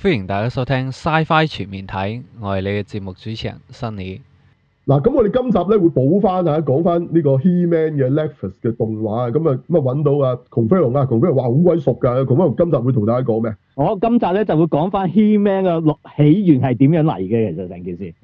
歡迎大家收聽《Sci-Fi 全面睇》，我係你嘅節目主持人辛尼。嗱，咁我哋今集咧會補翻吓，講翻呢個《He-Man 嘅 Legends》嘅動畫。咁啊，咁啊，揾到噶，窮飛龍啊，窮飛龍話好鬼熟噶，窮飛龍今集會同大家講咩？我今集咧就會講翻《He-Man》嘅起源係點樣嚟嘅，其實成件事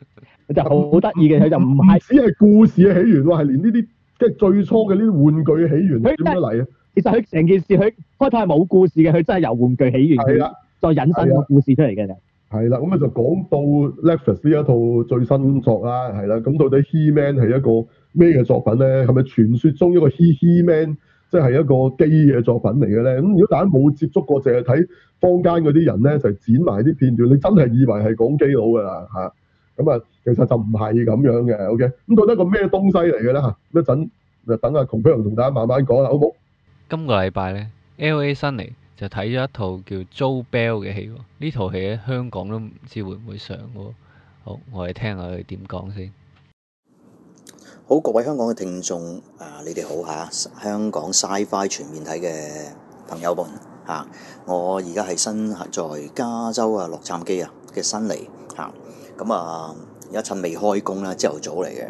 就好好得意嘅，佢就唔係只係故事嘅起源，話係連呢啲即係最初嘅呢啲玩具起源點樣嚟啊！其實佢成件事，佢開頭係冇故事嘅，佢真係由玩具起源。係啦。再引出個故事出嚟嘅，係啦，咁啊就講到 Lefers 呢一套最新作啦，係啦，咁到底 He Man 係一個咩嘅作品咧？係咪傳説中一個 He Man，即係一個機嘅作品嚟嘅咧？咁如果大家冇接觸過，淨係睇坊間嗰啲人咧，就剪埋啲片段，你真係以為係講基佬㗎啦嚇，咁啊其實就唔係咁樣嘅，OK，咁到底個咩東西嚟嘅咧嚇？一陣就等阿窮飛龍同大家慢慢講啦，好冇？今個禮拜咧，LA 辛尼。就睇咗一套叫《Joe Bell》嘅戲喎。呢套戲喺香港都唔知會唔會上喎。好，我哋聽下佢點講先。好，各位香港嘅聽眾啊，你哋好，嚇，香港 Sci-Fi 全面睇嘅朋友們嚇，我而家係身喺在加州啊洛杉磯啊嘅新嚟嚇。咁啊，而家趁未開工啦，朝頭早嚟嘅。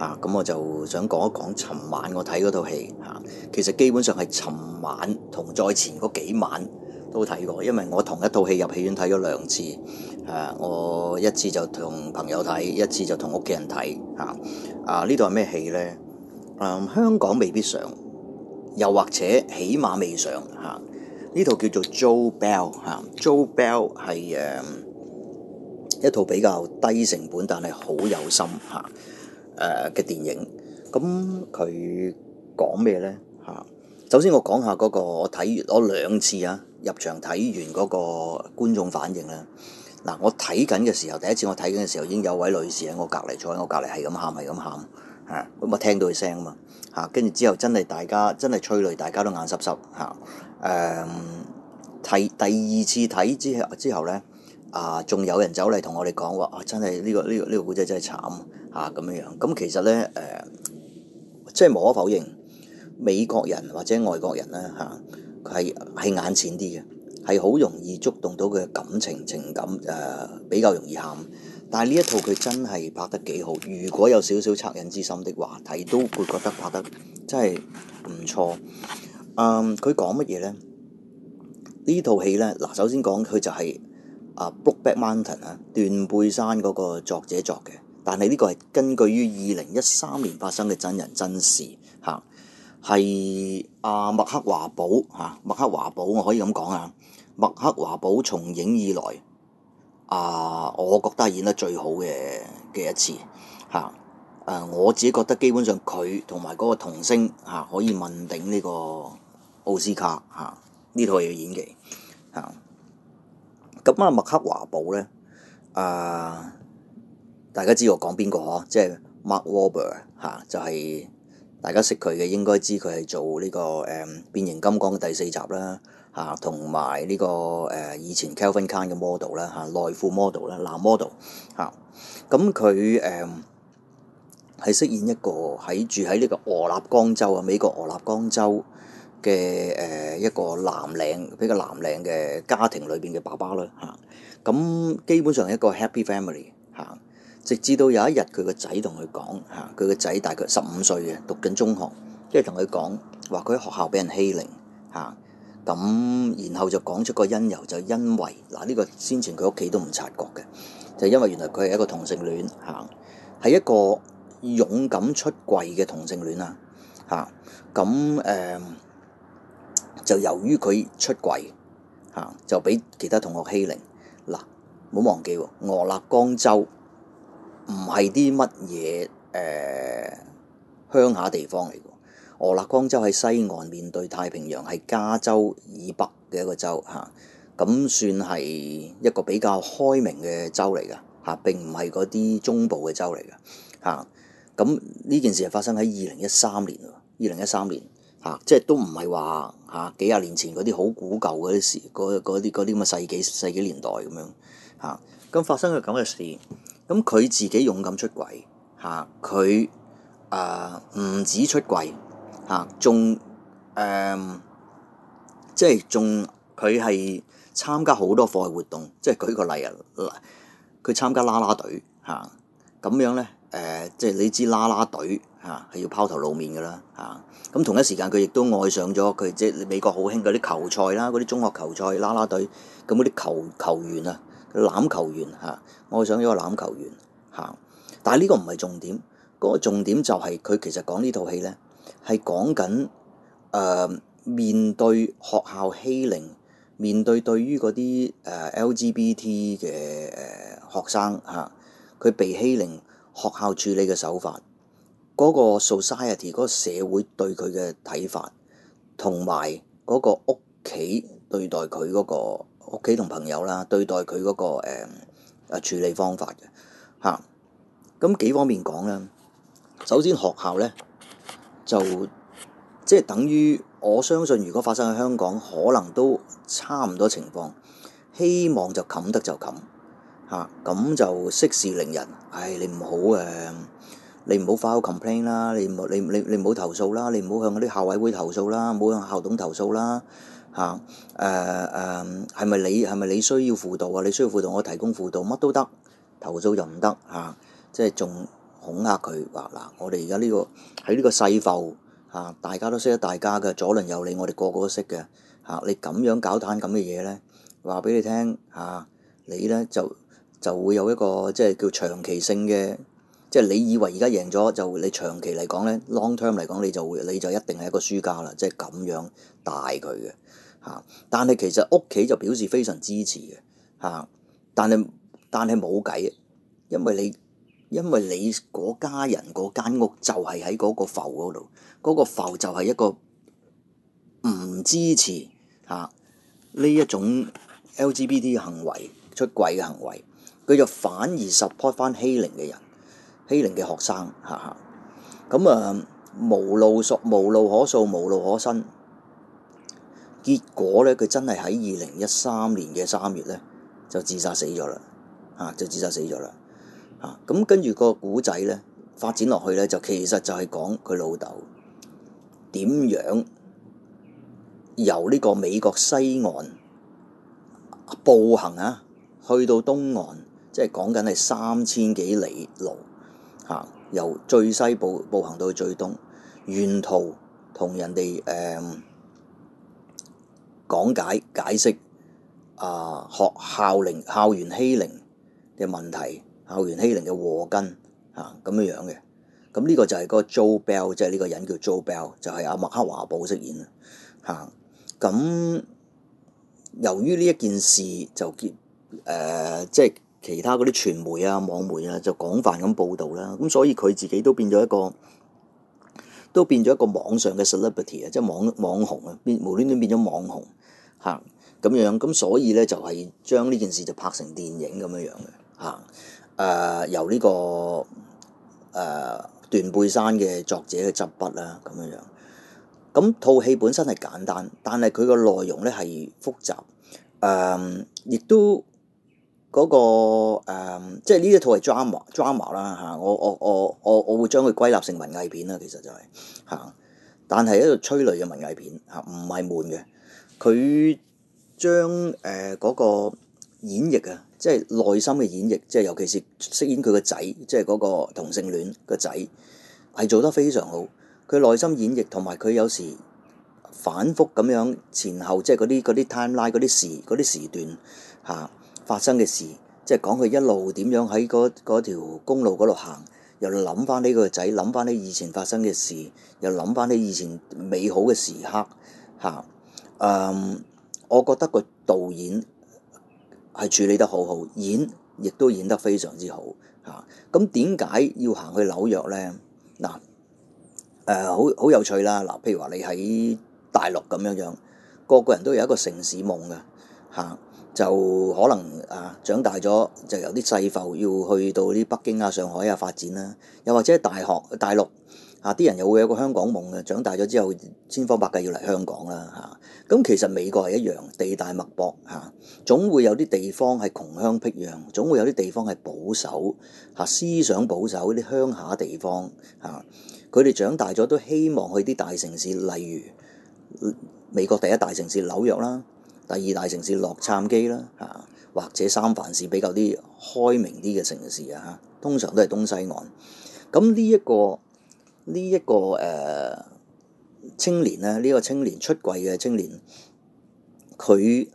啊，咁我就想講一講，尋晚我睇嗰套戲，嚇，其實基本上係尋晚同再前嗰幾晚都睇過，因為我同一套戲入戲院睇咗兩次，誒，我一次就同朋友睇，一次就同屋企人睇，嚇，啊，呢套係咩戲呢？香港未必上，又或者起碼未上，嚇，呢套叫做 Joe Bell，Joe Bell 係誒一套比較低成本，但係好有心，嚇。誒嘅電影，咁佢講咩咧？嚇，首先我講下嗰個我睇完我兩次啊，入場睇完嗰個觀眾反應啦。嗱，我睇緊嘅時候，第一次我睇緊嘅時候已經有位女士喺我隔離，坐喺我隔離係咁喊，係咁喊。啊，咁我聽到佢聲啊嘛，嚇，跟住之後真係大家真係催淚，大家都眼濕濕嚇。誒、嗯，睇第二次睇之之後咧。啊！仲有人走嚟同我哋講話啊！真係呢個呢個呢個古仔真係慘嚇咁、啊、樣樣咁，其實呢，即、呃、係無可否認，美國人或者外國人咧佢係係眼淺啲嘅，係好容易觸動到佢嘅感情情感誒、呃，比較容易喊。但係呢一套佢真係拍得幾好，如果有少少惻隱之心的話，睇都會覺得拍得真係唔錯。佢講乜嘢呢？呢套戲呢，嗱，首先講佢就係、是。啊，《Brokeback Mountain》啊，斷背山嗰個作者作嘅，但係呢個係根據於二零一三年發生嘅真人真事，嚇係阿麥克華寶嚇，麥、啊、克華寶我可以咁講啊，麥克華寶從影以來，啊，我覺得係演得最好嘅嘅一次，嚇，誒，我自己覺得基本上佢同埋嗰個童星嚇、啊、可以問鼎呢個奧斯卡嚇呢、啊、套嘢嘅演技。咁啊，麥克華寶咧，啊、呃，大家知我講邊個呵？即係 Mark Wahlberg、啊、就係、是、大家識佢嘅，應該知佢係做呢、這個誒、呃、變形金剛嘅第四集啦嚇，同埋呢個誒、呃、以前 Calvin Klein 嘅 model 啦嚇，內褲 model 啦男 model 嚇，咁佢誒係飾演一個喺住喺呢個俄勒岡州啊，美國俄勒岡州。嘅誒一個藍領比較藍領嘅家庭裏邊嘅爸爸啦嚇，咁基本上係一個 happy family 嚇，直至到有一日佢個仔同佢講嚇，佢個仔大概十五歲嘅，讀緊中學，即係同佢講話佢喺學校俾人欺凌嚇，咁然後就講出個因由，就因為嗱呢、呢個先前佢屋企都唔察覺嘅，就係、因為原來佢係一個同性戀嚇，係一個勇敢出櫃嘅同性戀啊嚇，咁誒。嗯就由於佢出軌嚇，就畀其他同學欺凌嗱。唔好忘記喎，俄勒岡州唔係啲乜嘢誒鄉下地方嚟嘅。俄勒岡州喺西岸，面對太平洋，係加州以北嘅一個州嚇。咁算係一個比較開明嘅州嚟㗎嚇。並唔係嗰啲中部嘅州嚟㗎嚇。咁呢件事係發生喺二零一三年喎。二零一三年嚇，即係都唔係話。嚇幾廿年前嗰啲好古舊嗰啲事，嗰啲啲咁嘅世紀世紀年代咁樣嚇，咁發生咗咁嘅事，咁佢自己勇敢出軌嚇，佢誒唔止出軌嚇，仲誒即係仲佢係參加好多課外活動，即係舉個例啊，佢參加啦啦隊嚇，咁樣咧誒，即係你知啦啦隊。嚇係要拋頭露面㗎啦！嚇、嗯、咁同一時間，佢亦都愛上咗佢即係美國好興嗰啲球賽啦，嗰啲中學球賽啦啦隊咁嗰啲球球員啊，欖球員嚇愛上咗個欖球員行，但係呢個唔係重點，嗰、嗰個、重點就係佢其實講呢套戲咧係講緊誒面對學校欺凌，面對對於嗰啲誒 LGBT 嘅誒學生嚇佢、嗯、被欺凌，學校處理嘅手法。嗰個 society，嗰個社會對佢嘅睇法，同埋嗰個屋企對待佢嗰、那個屋企同朋友啦，對待佢嗰、那個誒、嗯、處理方法嘅嚇。咁、嗯、幾方面講咧，首先學校咧就即係、就是、等於我相信，如果發生喺香港，可能都差唔多情況。希望就冚得就冚嚇，咁、嗯、就息事寧人，唉，你唔好誒。嗯你唔好發個 complain 啦，你唔你你你唔好投訴啦，你唔好向嗰啲校委會投訴啦，唔好向校董投訴啦嚇。誒、啊、誒，係、啊、咪你係咪你需要輔導啊？你需要輔導，我提供輔導乜都得，投訴就唔得嚇。即係仲恐嚇佢話嗱，我哋而家呢個喺呢個細埠，嚇、啊，大家都識得大家嘅左鄰右里，我哋個個都識嘅嚇、啊。你咁樣搞蛋咁嘅嘢咧，話俾你聽嚇、啊，你咧就就會有一個即係叫長期性嘅。即係你以為而家贏咗就你長期嚟講呢，long term 嚟講，你就會你就一定係一個輸家啦。即係咁樣帶佢嘅嚇，但係其實屋企就表示非常支持嘅嚇，但係但係冇計，因為你因為你嗰家人嗰間屋就係喺嗰個埠嗰度，嗰、嗰個埠就係一個唔支持嚇呢一種 LGBT 行為出軌嘅行為，佢就反而 support 返欺凌嘅人。欺凌嘅學生，嚇嚇，咁啊，無路數，無路可訴，無路可申。結果呢，佢真係喺二零一三年嘅三月呢，就自殺死咗啦，嚇就自殺死咗啦，咁跟住個古仔呢，發展落去呢，就其實就係講佢老豆點樣由呢個美國西岸步行啊，去到東岸，即係講緊係三千幾里路。由最西部步行到最東，沿途同人哋誒、呃、講解解釋啊、呃、學校凌校園欺凌嘅問題，校園欺凌嘅禍根啊咁、呃、樣樣嘅，咁、嗯、呢、這個就係個 Joe Bell，即係呢個人叫 Joe Bell，就係阿麥克華寶飾演啊。咁、呃、由於呢一件事就結誒、呃、即係。其他嗰啲傳媒啊、網媒啊，就廣泛咁報導啦。咁所以佢自己都變咗一個，都變咗一個網上嘅 celebrity 啊，即係網網紅啊，變無端端變咗網紅嚇咁樣。咁所以咧就係將呢件事就拍成電影咁樣樣嘅嚇。誒、呃，由呢、這個誒、呃、斷背山嘅作者嘅執筆啦咁樣樣。咁套戲本身係簡單，但係佢個內容咧係複雜。誒、呃，亦都。嗰個誒，即係呢一套係 drama drama 啦嚇。我我我我我會將佢歸納成文藝片啦，其實就係嚇，但係一個催淚嘅文藝片嚇，唔係悶嘅。佢將誒嗰個演繹啊，即係內心嘅演繹，即係尤其是飾演佢個仔，即係嗰個同性戀個仔，係做得非常好。佢內心演繹同埋佢有時反覆咁樣前後，即係嗰啲嗰啲 time line 嗰啲時嗰啲時段嚇。啊發生嘅事，即係講佢一路點樣喺嗰嗰條公路嗰度行，又諗翻呢個仔，諗翻啲以前發生嘅事，又諗翻啲以前美好嘅時刻，吓，嗯，我覺得個導演係處理得好好，演亦都演得非常之好，吓。咁點解要行去紐約呢？嗱、呃，誒，好好有趣啦。嗱，譬如話你喺大陸咁樣樣，個個人都有一個城市夢嘅，吓。就可能啊，長大咗就有啲細埠要去到啲北京啊、上海啊發展啦，又或者大學大陸啊，啲人又會有個香港夢嘅。長大咗之後，千方百計要嚟香港啦，嚇、啊！咁、啊、其實美國係一樣地大物博嚇，總會有啲地方係窮鄉僻壤，總會有啲地方係保守嚇、啊，思想保守啲鄉下地方嚇，佢、啊、哋長大咗都希望去啲大城市，例如美國第一大城市紐約啦。啊第二大城市洛杉磯啦，啊，或者三藩市比較啲開明啲嘅城市啊，通常都係東西岸。咁呢一個呢一、呢個誒、呃、青年咧，呢、呢個青年出櫃嘅青年，佢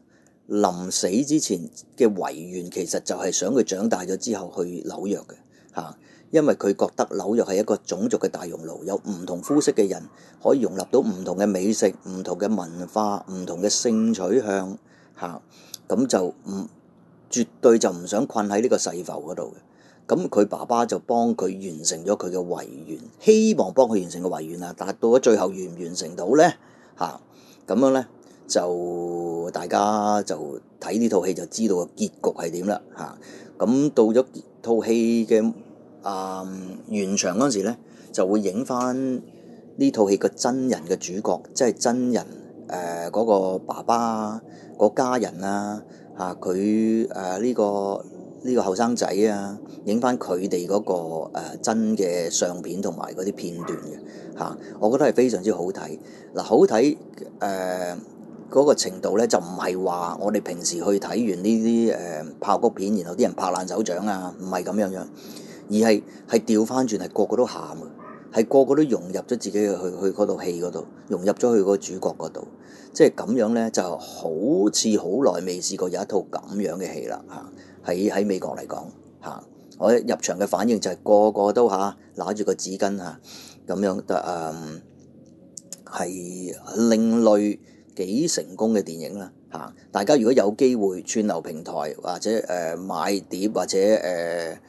臨死之前嘅遺願其實就係想佢長大咗之後去紐約嘅，嚇、啊。因為佢覺得紐約係一個種族嘅大熔爐，有唔同膚色嘅人可以融入到唔同嘅美食、唔同嘅文化、唔同嘅性取向嚇，咁、嗯、就唔絕對就唔想困喺呢個細埠嗰度嘅。咁、嗯、佢爸爸就幫佢完成咗佢嘅遺願，希望幫佢完成個遺願啊！但係到咗最後完唔完成到咧嚇，咁、嗯、樣咧就大家就睇呢套戲就知道個結局係點啦嚇。咁、嗯、到咗套戲嘅。啊！現場嗰陣時咧，就會影翻呢套戲嘅真人嘅主角，即係真人誒嗰個爸爸、嗰家人啊嚇，佢誒呢個呢個後生仔啊，影翻佢哋嗰個誒真嘅相片同埋嗰啲片段嘅嚇，我覺得係非常之好睇嗱，好睇誒嗰個程度咧就唔係話我哋平時去睇完呢啲誒爆谷片，然後啲人拍爛手掌啊，唔係咁樣樣。而係係調翻轉，係個個都喊嘅，係個個都融入咗自己去去嗰套戲嗰度，融入咗去個主角嗰度，即係咁樣呢，就好似好耐未試過有一套咁樣嘅戲啦嚇。喺喺美國嚟講嚇，我一入場嘅反應就係個個都嚇攞住個紙巾嚇咁、啊、樣，得係係另類幾成功嘅電影啦嚇。大家如果有機會串流平台或者誒、呃、買碟或者誒。呃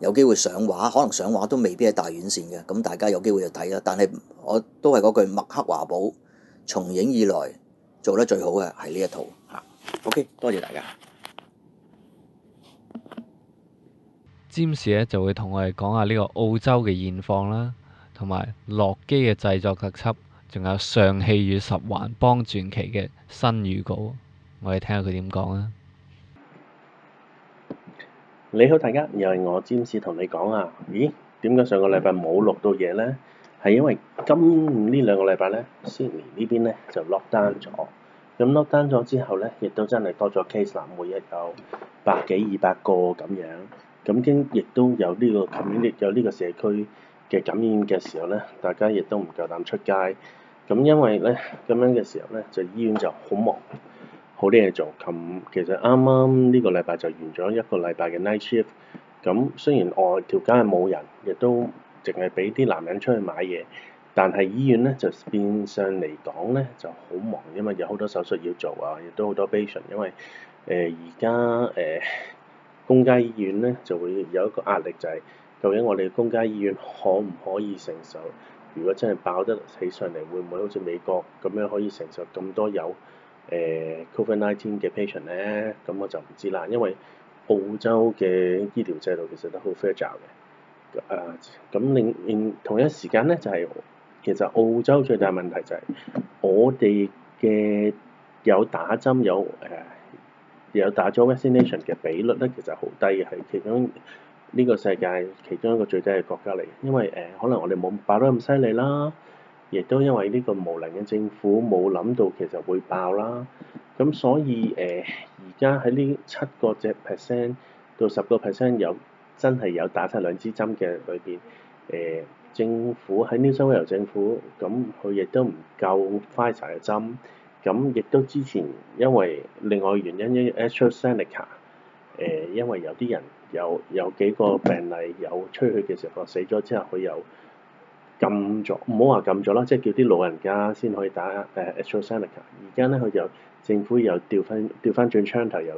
有機會上畫，可能上畫都未必喺大院線嘅，咁大家有機會就睇啦。但係我都係嗰句麥克華堡從影以來做得最好嘅係呢一套嚇。OK，多謝大家。占士咧就會同我哋講下呢個澳洲嘅現況啦，同埋洛基嘅製作特輯，仲有《尚氣與十環幫傳奇》嘅新預告，我哋聽下佢點講啦。你好大家，又係我 James 同你講啊，咦，點解上個禮拜冇錄到嘢呢？係因為今呢兩個禮拜咧，悉尼呢邊呢就 lock down 咗，咁 lock down 咗之後呢，亦都真係多咗 case，嗱，每日有百幾二百個咁樣，咁經亦都有呢個感染，有呢個社區嘅感染嘅時候呢，大家亦都唔夠膽出街，咁因為呢，咁樣嘅時候呢，就醫院就好忙。好多嘢做，琴其實啱啱呢個禮拜就完咗一個禮拜嘅 night shift，咁雖然外條街係冇人，亦都淨係俾啲男人出去買嘢，但係醫院咧就變相嚟講咧就好忙，因為有好多手術要做啊，亦都好多 patient，因為誒而家誒公家醫院咧就會有一個壓力就係究竟我哋公家醫院可唔可以承受？如果真係爆得起上嚟，會唔會好似美國咁樣可以承受咁多有誒、呃、Covid Nineteen 嘅 patient 咧，咁、嗯、我就唔知啦，因為澳洲嘅醫療制度其實都好 fragile 嘅。啊、呃，咁另另同一時間咧，就係、是、其實澳洲最大問題就係、是、我哋嘅有打針有誒、呃、有打咗 vaccination 嘅比率咧，其實好低嘅，係其中呢個世界其中一個最低嘅國家嚟。因為誒、呃，可能我哋冇爆得咁犀利啦。亦都因為呢個無能嘅政府冇諗到其實會爆啦，咁所以誒而家喺呢七個隻 percent 到十個 percent 有真係有打晒兩支針嘅裏邊，誒政府喺 New South Wales 政府，咁佢亦都唔夠 Pfizer 嘅針，咁、嗯、亦都之前因為另外原因，因為 AstraZeneca 誒、呃、因為有啲人有有幾個病例有出去嘅時候死咗之後佢有。禁咗，唔好話禁咗啦，即係叫啲老人家先可以打誒 AstraZeneca。而家咧，佢又政府又調翻調翻轉槍頭又，又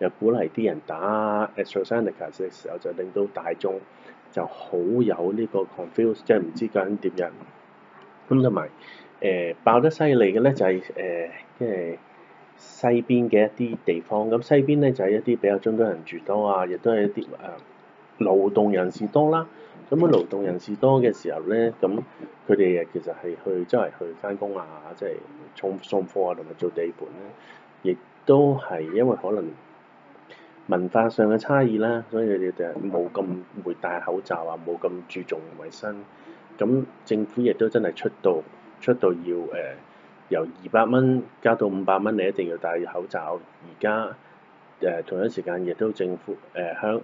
又鼓勵啲人打 AstraZeneca 嘅時候，就令到大眾就好有呢個 confuse，即係唔知究竟點樣人。咁同埋誒爆得犀利嘅咧，就係誒即係西邊嘅一啲地方。咁西邊咧就係、是、一啲比較中東人住多啊，亦都係一啲誒、呃、勞動人士多啦。咁樣勞動人士多嘅時候咧，咁佢哋其實係去周圍去翻工啊，即係送送貨啊，同埋做地盤呢，亦都係因為可能文化上嘅差異啦，所以佢哋冇咁會戴口罩啊，冇咁注重衞生。咁政府亦都真係出到出到要誒、呃、由二百蚊加到五百蚊，你一定要戴口罩。而家誒同一時間亦都政府誒香誒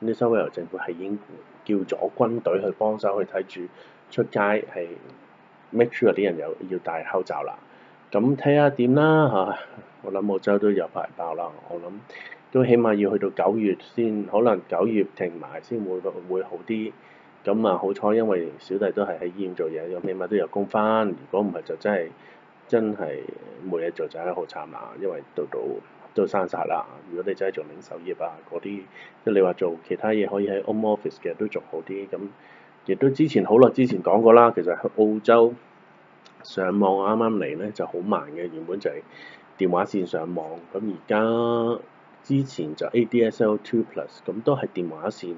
New South Wales 政府係已經。叫咗軍隊去幫手去睇住出街係 make sure 啲人又要戴口罩啦。咁睇下點啦嚇，我諗澳洲都有排爆啦。我諗都起碼要去到九月先，可能九月停埋先會會好啲。咁啊好彩，因為小弟都係喺醫院做嘢，又起碼都有工返。如果唔係就真係真係冇嘢做就係好慘啦，因為到到。都生晒啦！如果你真係做零售業啊，嗰啲即係你話做其他嘢可以喺 home office 嘅都仲好啲。咁亦都之前好耐之前講過啦，其實喺澳洲上網啱啱嚟呢就好慢嘅，原本就係電話線上網。咁而家之前就 ADSL two plus 咁都係電話線。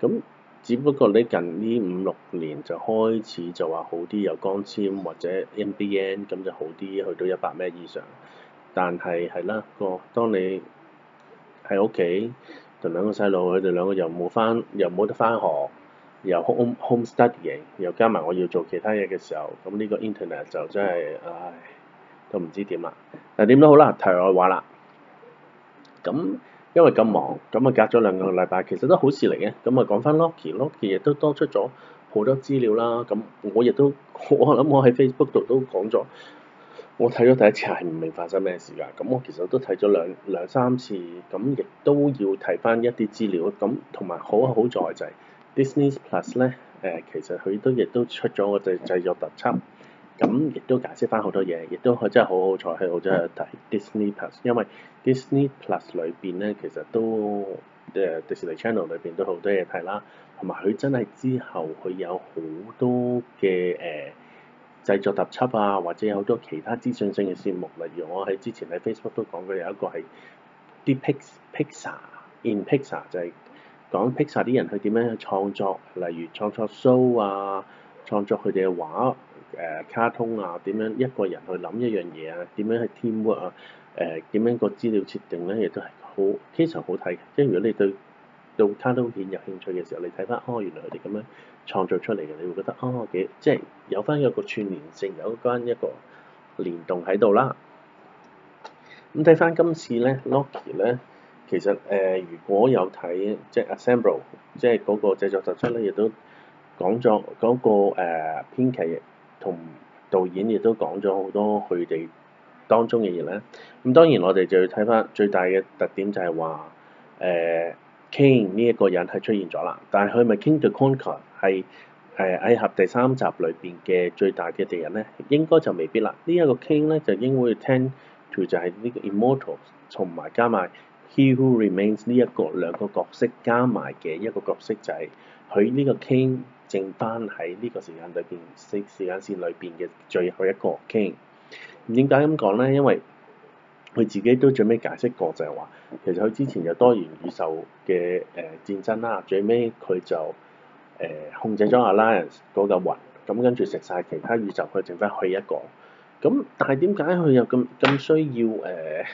咁只不過你近呢五六年就開始就話好啲，有光纖或者 NBN 咁就好啲，去到一百 Mbps 以上。但係係啦，個當你喺屋企同兩個細路，佢哋兩個又冇翻，又冇得翻學，又 home home studying，又加埋我要做其他嘢嘅時候，咁呢個 internet 就真係，唉，都唔知點啦。但點都好啦，題外話啦。咁因為咁忙，咁啊隔咗兩個禮拜，其實都好事嚟嘅。咁啊講翻 Loki，Loki 亦都多出咗好多資料啦。咁我亦都，我諗我喺 Facebook 度都講咗。我睇咗第一次係唔明發生咩事㗎，咁我其實都睇咗兩兩三次，咁亦都要睇翻一啲資料，咁同埋好好在就係 Disney Plus 咧，誒、呃、其實佢都亦都出咗個製製作特輯，咁亦都解釋翻好多嘢，亦都係真係好好彩。去澳洲睇 Disney Plus，因為 Disney Plus 裏邊咧其實都誒、呃、Disney Channel 裏邊都好多嘢睇啦，同埋佢真係之後佢有好多嘅誒。呃製作特輯啊，或者有好多其他資訊性嘅節目，例如我喺之前喺 Facebook 都講過有一個係啲 Pix Pixar in Pixar，就係講 Pixar 啲人去點樣去創作，例如創作 show 啊，創作佢哋嘅畫誒、呃、卡通啊，點樣一個人去諗一樣嘢啊，點樣去 teamwork 啊，誒、呃、點樣個資料設定咧，亦都係好非常好睇嘅。因為如果你對做卡通片有興趣嘅時候，你睇翻哦，原來佢哋咁樣。創作出嚟嘅，你會覺得哦，幾，即係有翻一個串連性，有關一個連動喺度啦。咁睇翻今次咧，Loki 咧，其實誒、呃、如果有睇，即係 Assemble 即係嗰個製作特輯咧，亦都講咗嗰、那個誒、呃、編劇同導演亦都講咗好多佢哋當中嘅嘢咧。咁、嗯、當然我哋就要睇翻最大嘅特點就係話誒。呃 King 呢一個人係出現咗啦，但係佢咪 King the Conqueror 係蟻俠第三集裏邊嘅最大嘅敵人咧，應該就未必啦。呢、這、一個 King 咧就應該聽，除就係呢個 Immortal，同埋加埋 He Who Remains 呢一個兩個角色加埋嘅一個角色就係佢呢個 King 剩翻喺呢個時間裏邊時時間線裏邊嘅最後一個 King。點解咁講咧？因為佢自己都最尾解釋過，就係話，其實佢之前有多元宇宙嘅誒戰爭啦，最尾佢就誒控制咗 Alliance 嗰嚿雲，咁跟住食晒其他宇宙，佢剩翻去一個。咁但係點解佢又咁咁需要誒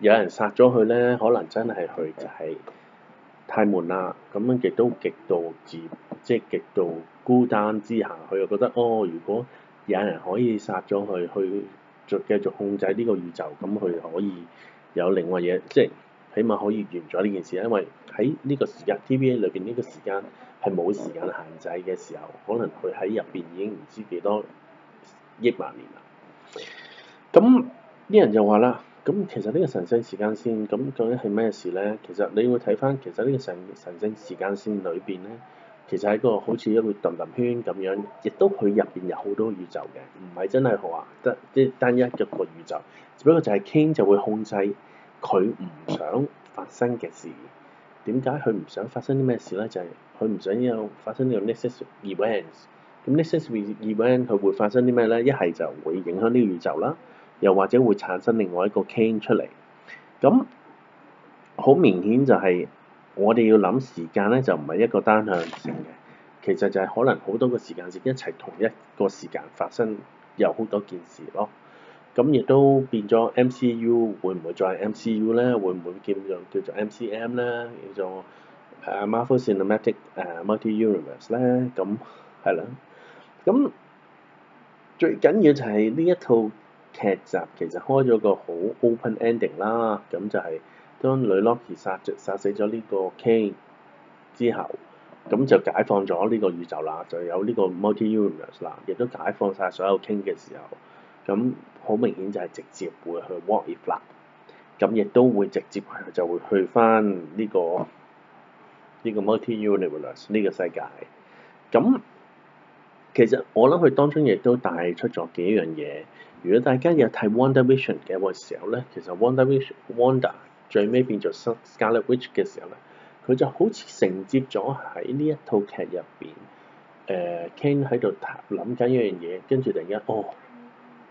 有人殺咗佢咧？可能真係佢就係太悶啦，咁樣亦都極度自，即係極度孤單之下，佢又覺得哦，如果有人可以殺咗佢，去。就繼續控制呢個宇宙，咁佢可以有另外嘢，即係起碼可以完咗呢件事。因為喺呢個時間 TVA 裏邊，呢個時間係冇時間限制嘅時候，可能佢喺入邊已經唔知幾多億萬年啦。咁啲人就話啦，咁其實呢個神聖時間線咁究竟係咩事呢？其實你會睇翻，其實呢個神神聖時間線裏邊呢？其實係一個好似一個輪輪圈咁樣，亦都佢入邊有好多宇宙嘅，唔係真係話得即係單一一個宇宙。只不過就係 King 就會控制佢唔想發生嘅事。點解佢唔想發生啲咩事咧？就係佢唔想要發生呢個 Necessary Events。咁 Necessary Event 佢會發生啲咩咧？一係就會影響呢個宇宙啦，又或者會產生另外一個 King 出嚟。咁好明顯就係、是。我哋要諗時間咧，就唔係一個單向性嘅，其實就係可能好多個時間節一齊同一個時間發生，有好多件事咯。咁、嗯、亦都變咗 MCU 會唔會再係 MCU 咧？會唔會變做叫做 MCM 咧？叫做誒、uh, Marvel Cinematic、uh, Multi Universe 咧？咁、嗯、係啦。咁、嗯、最緊要就係呢一套劇集其實開咗個好 open ending 啦，咁、嗯、就係、是。當女 Loki 殺殺死咗呢個 King 之後，咁就解放咗呢個宇宙啦，就有呢個 Multi Universe 啦，亦都解放晒所有 King 嘅時候，咁好明顯就係直接會去 What If 啦咁亦都會直接就會去翻呢、呢個呢、呢個 Multi Universe 呢個世界。咁其實我諗佢當中亦都帶出咗幾樣嘢。如果大家有睇 Wanda Vision 嘅時候咧，其實 Wanda Vision Wanda 最尾變做 Scarlet Witch 嘅時候咧，佢就好似承接咗喺呢一套劇入邊，誒 Ken 喺度諗緊一樣嘢，跟住突然間哦，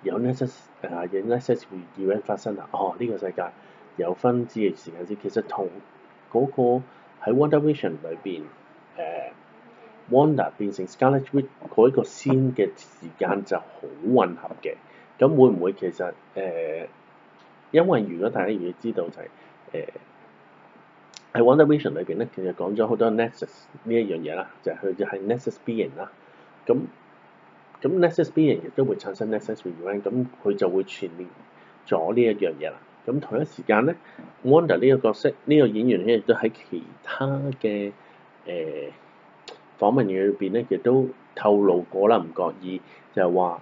有 Nexus 誒，有 Nexus 會 event 發生啦！哦，呢、這個世界有分支嘅時間線，其實同嗰個喺 WandaVision 裏邊誒 Wanda 變成 Scarlet Witch 嗰一個 scene 嘅時間就好混合嘅，咁會唔會其實誒？呃因為如果大家如果知道就係誒喺 WandaVision 裏邊咧，其實講咗好多 Nexus 呢一樣嘢啦，就係、是、佢就係 Nexus Being 啦。咁咁 Nexus Being 亦都會產生 Nexus Event，咁佢就會串聯咗呢一樣嘢啦。咁同一時間咧，Wanda 呢個角色呢、這個演員咧亦都喺其他嘅誒、呃、訪問嘅裏邊咧，亦都透露過啦，唔覺意就係、是、話。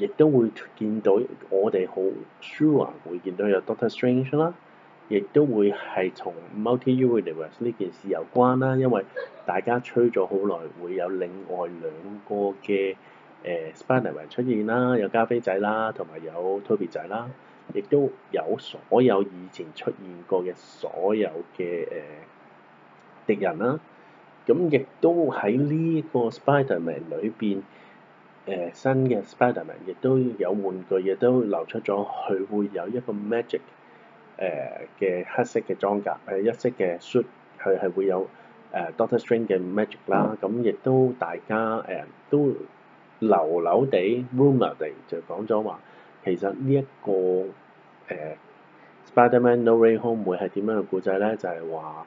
亦都會見到我哋好 sure 會見到有 Doctor Strange 啦，亦都會係同 Multi Universe 呢件事有關啦，因為大家吹咗好耐會有另外兩個嘅誒、呃、Spider-Man 出現啦，有加菲仔啦，同埋有 Toby 仔啦，亦都有所有以前出現過嘅所有嘅誒敵人啦，咁、啊、亦都喺呢個 Spider-Man 裏邊。誒新嘅 Spiderman 亦都有玩具，亦都流出咗佢會有一個 magic 誒、呃、嘅黑色嘅裝甲係一色嘅 suit，佢係會有誒、呃、Doctor Strange 嘅 magic 啦。咁亦都大家誒、呃、都流流哋，rumour 哋，就講咗話，其實呢、這、一個誒、呃、Spiderman No Way Home 會係點樣嘅故仔咧？就係、是、話。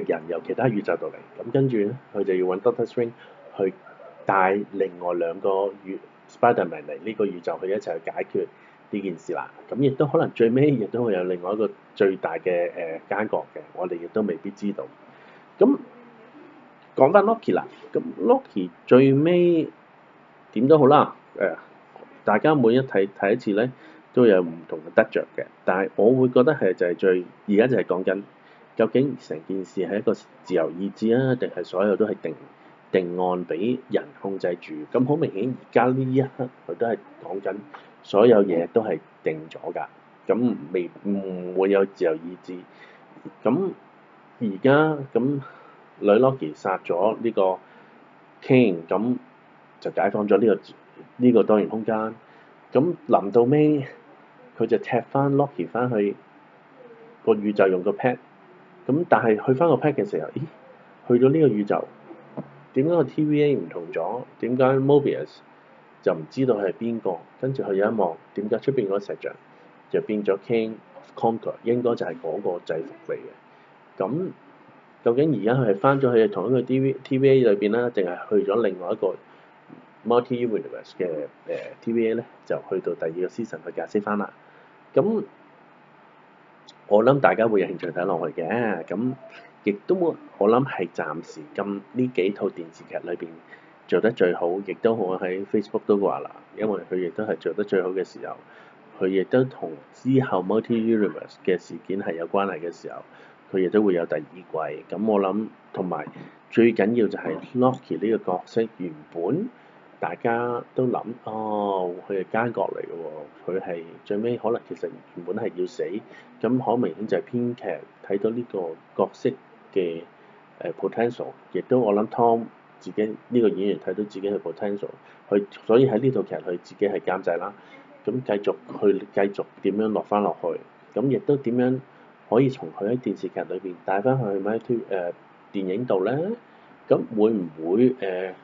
敵人由其他宇宙度嚟，咁跟住咧，佢就要揾 Doctor Strange 去帶另外兩個月 Spider-Man 嚟呢個宇宙去一齊去解決呢件事啦。咁亦都可能最尾亦都會有另外一個最大嘅誒間隔嘅，我哋亦都未必知道。咁講翻 Loki 啦，咁 Loki 最尾點都好啦，誒、呃、大家每一睇睇一次咧，都有唔同嘅得着嘅。但係我會覺得係就係最，而家就係講緊。究竟成件事係一個自由意志啊，定係所有都係定定案俾人控制住？咁好明顯，而家呢一刻佢都係講緊所有嘢都係定咗㗎，咁未唔會有自由意志。咁而家咁女 Loki 殺咗呢個 King，咁就解放咗呢個呢個多元空間。咁臨到尾佢就踢翻 Loki 翻去個宇宙，用個 pad。咁但係去翻個 pack 嘅時候，咦？去到呢個宇宙，點解個 TVA 唔同咗？點解 Mobius 就唔知道係邊個？跟住佢有一望，點解出邊嗰石像就變咗 Kang the Conqueror，應該就係嗰個制服嚟嘅。咁、嗯、究竟而家佢係翻咗去同一個 TVA 裏邊啦？定係去咗另外一個 Multi Universe 嘅誒 TVA 咧？就去到第二個 season 去解釋翻啦。咁、嗯我諗大家會有興趣睇落去嘅，咁亦都冇，我諗係暫時咁呢幾套電視劇裏邊做得最好，亦都我喺 Facebook 都話啦，因為佢亦都係做得最好嘅時候，佢亦都同之後 Multiverse 嘅事件係有關係嘅時候，佢亦都會有第二季。咁我諗同埋最緊要就係 Loki 呢個角色原本。大家都諗，哦，佢係奸角嚟嘅，佢係最尾可能其實原本係要死，咁好明顯就係編劇睇到呢個角色嘅誒、呃、potential，亦都我諗 Tom 自己呢、呢個演員睇到自己嘅 potential，佢所以喺呢套劇佢自己係監製啦，咁繼續去繼續點樣落翻落去，咁亦都點樣可以從佢喺電視劇裏邊帶翻去埋喺電影度咧，咁會唔會誒？呃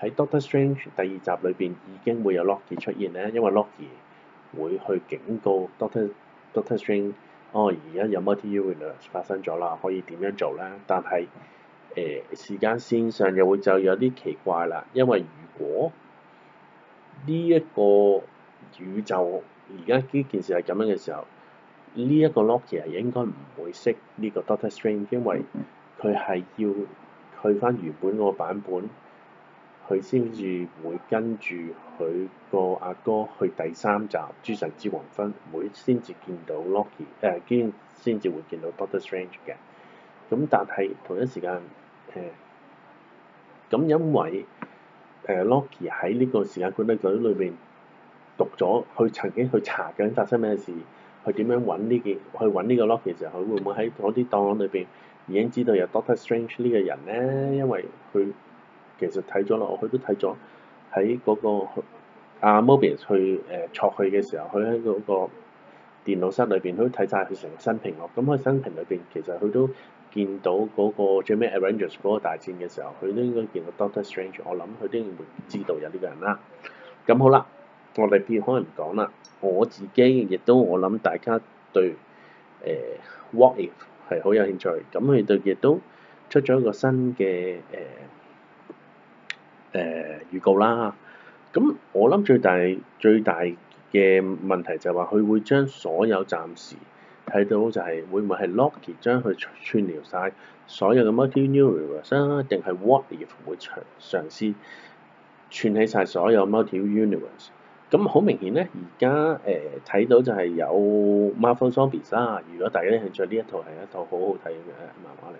喺 Doctor Strange 第二集裏邊已經會有 Loki 出現咧，因為 Loki 會去警告 Doctor Doctor Strange，哦，而家有 Multiverse 發生咗啦，可以點樣做咧？但係誒、呃、時間線上又會就有啲奇怪啦，因為如果呢一個宇宙而家呢件事係咁樣嘅時候，呢、這、一個 Loki 係應該唔會識呢個 Doctor Strange，因為佢係要去翻原本嗰個版本。佢先至會跟住佢個阿哥去第三集《諸神之黃昏》，會先至見到 Loki，誒見先至會見到、呃、到 Doctor Strange 嘅。咁但係同一時間，誒、呃、咁因為誒、呃、Loki 喺呢個時間管理局裏邊讀咗，佢曾經去查緊發生咩事，佢點樣揾呢件，去揾呢個 Loki 嘅時候，佢會唔會喺嗰啲檔案裏邊已經知道有 Doctor Strange 呢個人咧？因為佢。其實睇咗落我佢都睇咗喺嗰個阿 Mobius 去誒坐去嘅時候，佢喺嗰個電腦室裏邊，佢睇晒佢成個新屏咯。咁佢新屏裏邊其實佢都見到嗰個最尾 Avengers 嗰、嗰個大戰嘅時候，佢都應該見到 Doctor Strange。我諗佢都應該會知道有呢個人啦。咁好啦，我哋撇開唔講啦。我自己亦都我諗大家對誒、呃、What If 係好有興趣。咁佢對亦都出咗一個新嘅誒。呃誒預、呃、告啦，咁、啊、我諗最大最大嘅問題就係話佢會將所有暫時睇到，就係會唔會係 Loki 將佢串聯晒？所有嘅 Multi Universe 啊，定係 What If 會嘗嘗試串起晒所有 Multi Universe？e 咁好明顯咧，而家誒睇到就係有 Marvel Zombies、啊、如果大家興趣，呢一套係一套好好睇嘅漫畫嚟，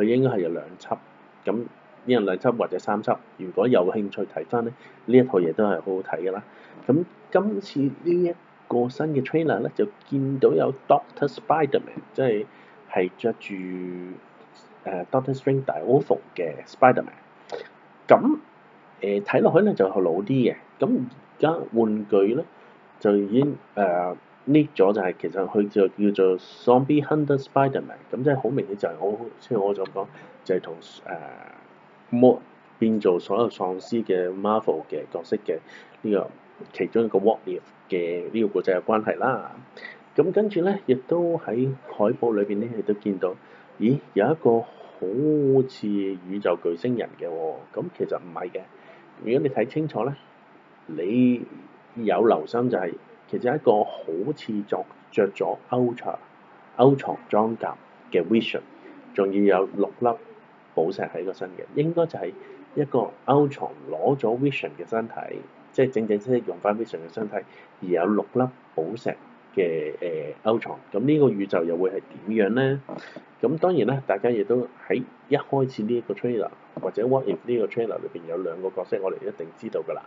佢應該係有兩輯咁。一人兩集或者三集，如果有興趣睇翻咧，呢一套嘢都係好好睇㗎啦。咁今次呢一個新嘅 trailer 咧，就見到有 Doctor Spiderman，即係係著住誒 Doctor Strange 大奧服嘅 Spiderman。咁誒睇落去咧就係好老啲嘅，咁而家玩具咧就已經誒 lift 咗，呃啊、就係、是、其實佢就叫做 Zombie Hunter Spiderman，咁即係好明顯就係、是、我，即、就、係、是、我就講、是、就係同誒。呃咁變做所有喪屍嘅 Marvel 嘅角色嘅呢、這個其中一個 What If 嘅呢、這個故仔嘅關係啦。咁、嗯、跟住咧，亦都喺海報裏邊咧，亦都見到，咦，有一個好似宇宙巨星人嘅喎、哦。咁、嗯、其實唔係嘅。如果你睇清楚咧，你有留心就係、是，其實一個好似著著咗 Ultra Ultra 裝甲嘅 Vision，仲要有六粒。寶石係一個新嘅，應該就係一個 Ultron 攞咗 Vision 嘅身體，即係正正式式用翻 Vision 嘅身體，而有六粒寶石嘅誒 Ultron，咁呢個宇宙又會係點樣咧？咁當然啦，大家亦都喺一開始呢一個 trailer 或者 What If 呢個 trailer 裏邊有兩個角色，我哋一定知道㗎啦，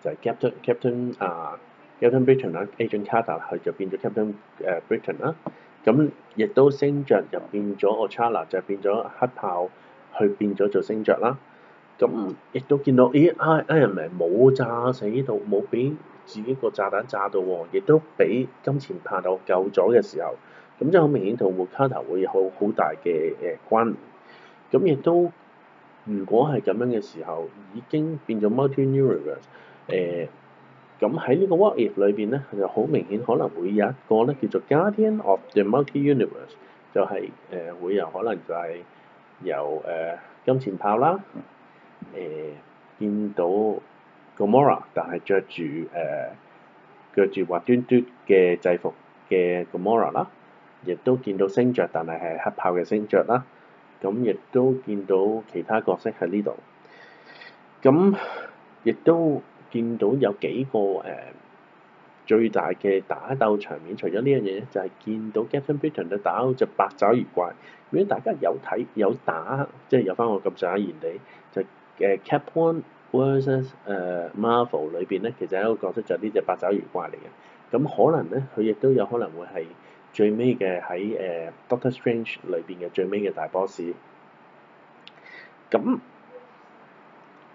就係、是、Captain Captain、uh, 啊 Captain Britain 啦，Agent Carter 佢就變咗 Captain 誒、uh, Britain 啦。咁亦都星爵，入變咗個 Charla 就變咗黑豹，去變咗做星爵啦。咁亦都見到，咦、哎？哎哎，人唔係冇炸死度，冇俾自己個炸彈炸到喎、哦。亦都俾金錢拍到夠咗嘅時候，咁即係好明顯同烏卡頭會有好大嘅誒、呃、關聯。咁亦都，如果係咁樣嘅時候，已經變咗 multiverse 誒。咁喺呢個 What If 裏邊咧，就好明顯可能會有一個咧叫做 guardian of the multiverse，就係誒會有可能就係由誒金錢豹啦，誒見到 Gamora，但係著住誒著住滑端端嘅制服嘅 Gamora 啦，亦都見到星爵，但係係黑豹嘅星爵啦，咁亦都見到其他角色喺呢度，咁亦都。見到有幾個誒、呃、最大嘅打鬥場面，除咗呢樣嘢就係、是、見到 Captain Britain 嘅打隻八爪魚怪。咁樣大家有睇有打，即係有翻我咁上下言地，就誒、是呃、Captain o vs 誒、呃、Marvel 裏邊咧，其實係一個角色就係呢隻八爪魚怪嚟嘅。咁可能咧，佢亦都有可能會係最尾嘅喺誒 Doctor Strange 裏邊嘅最尾嘅大 boss。咁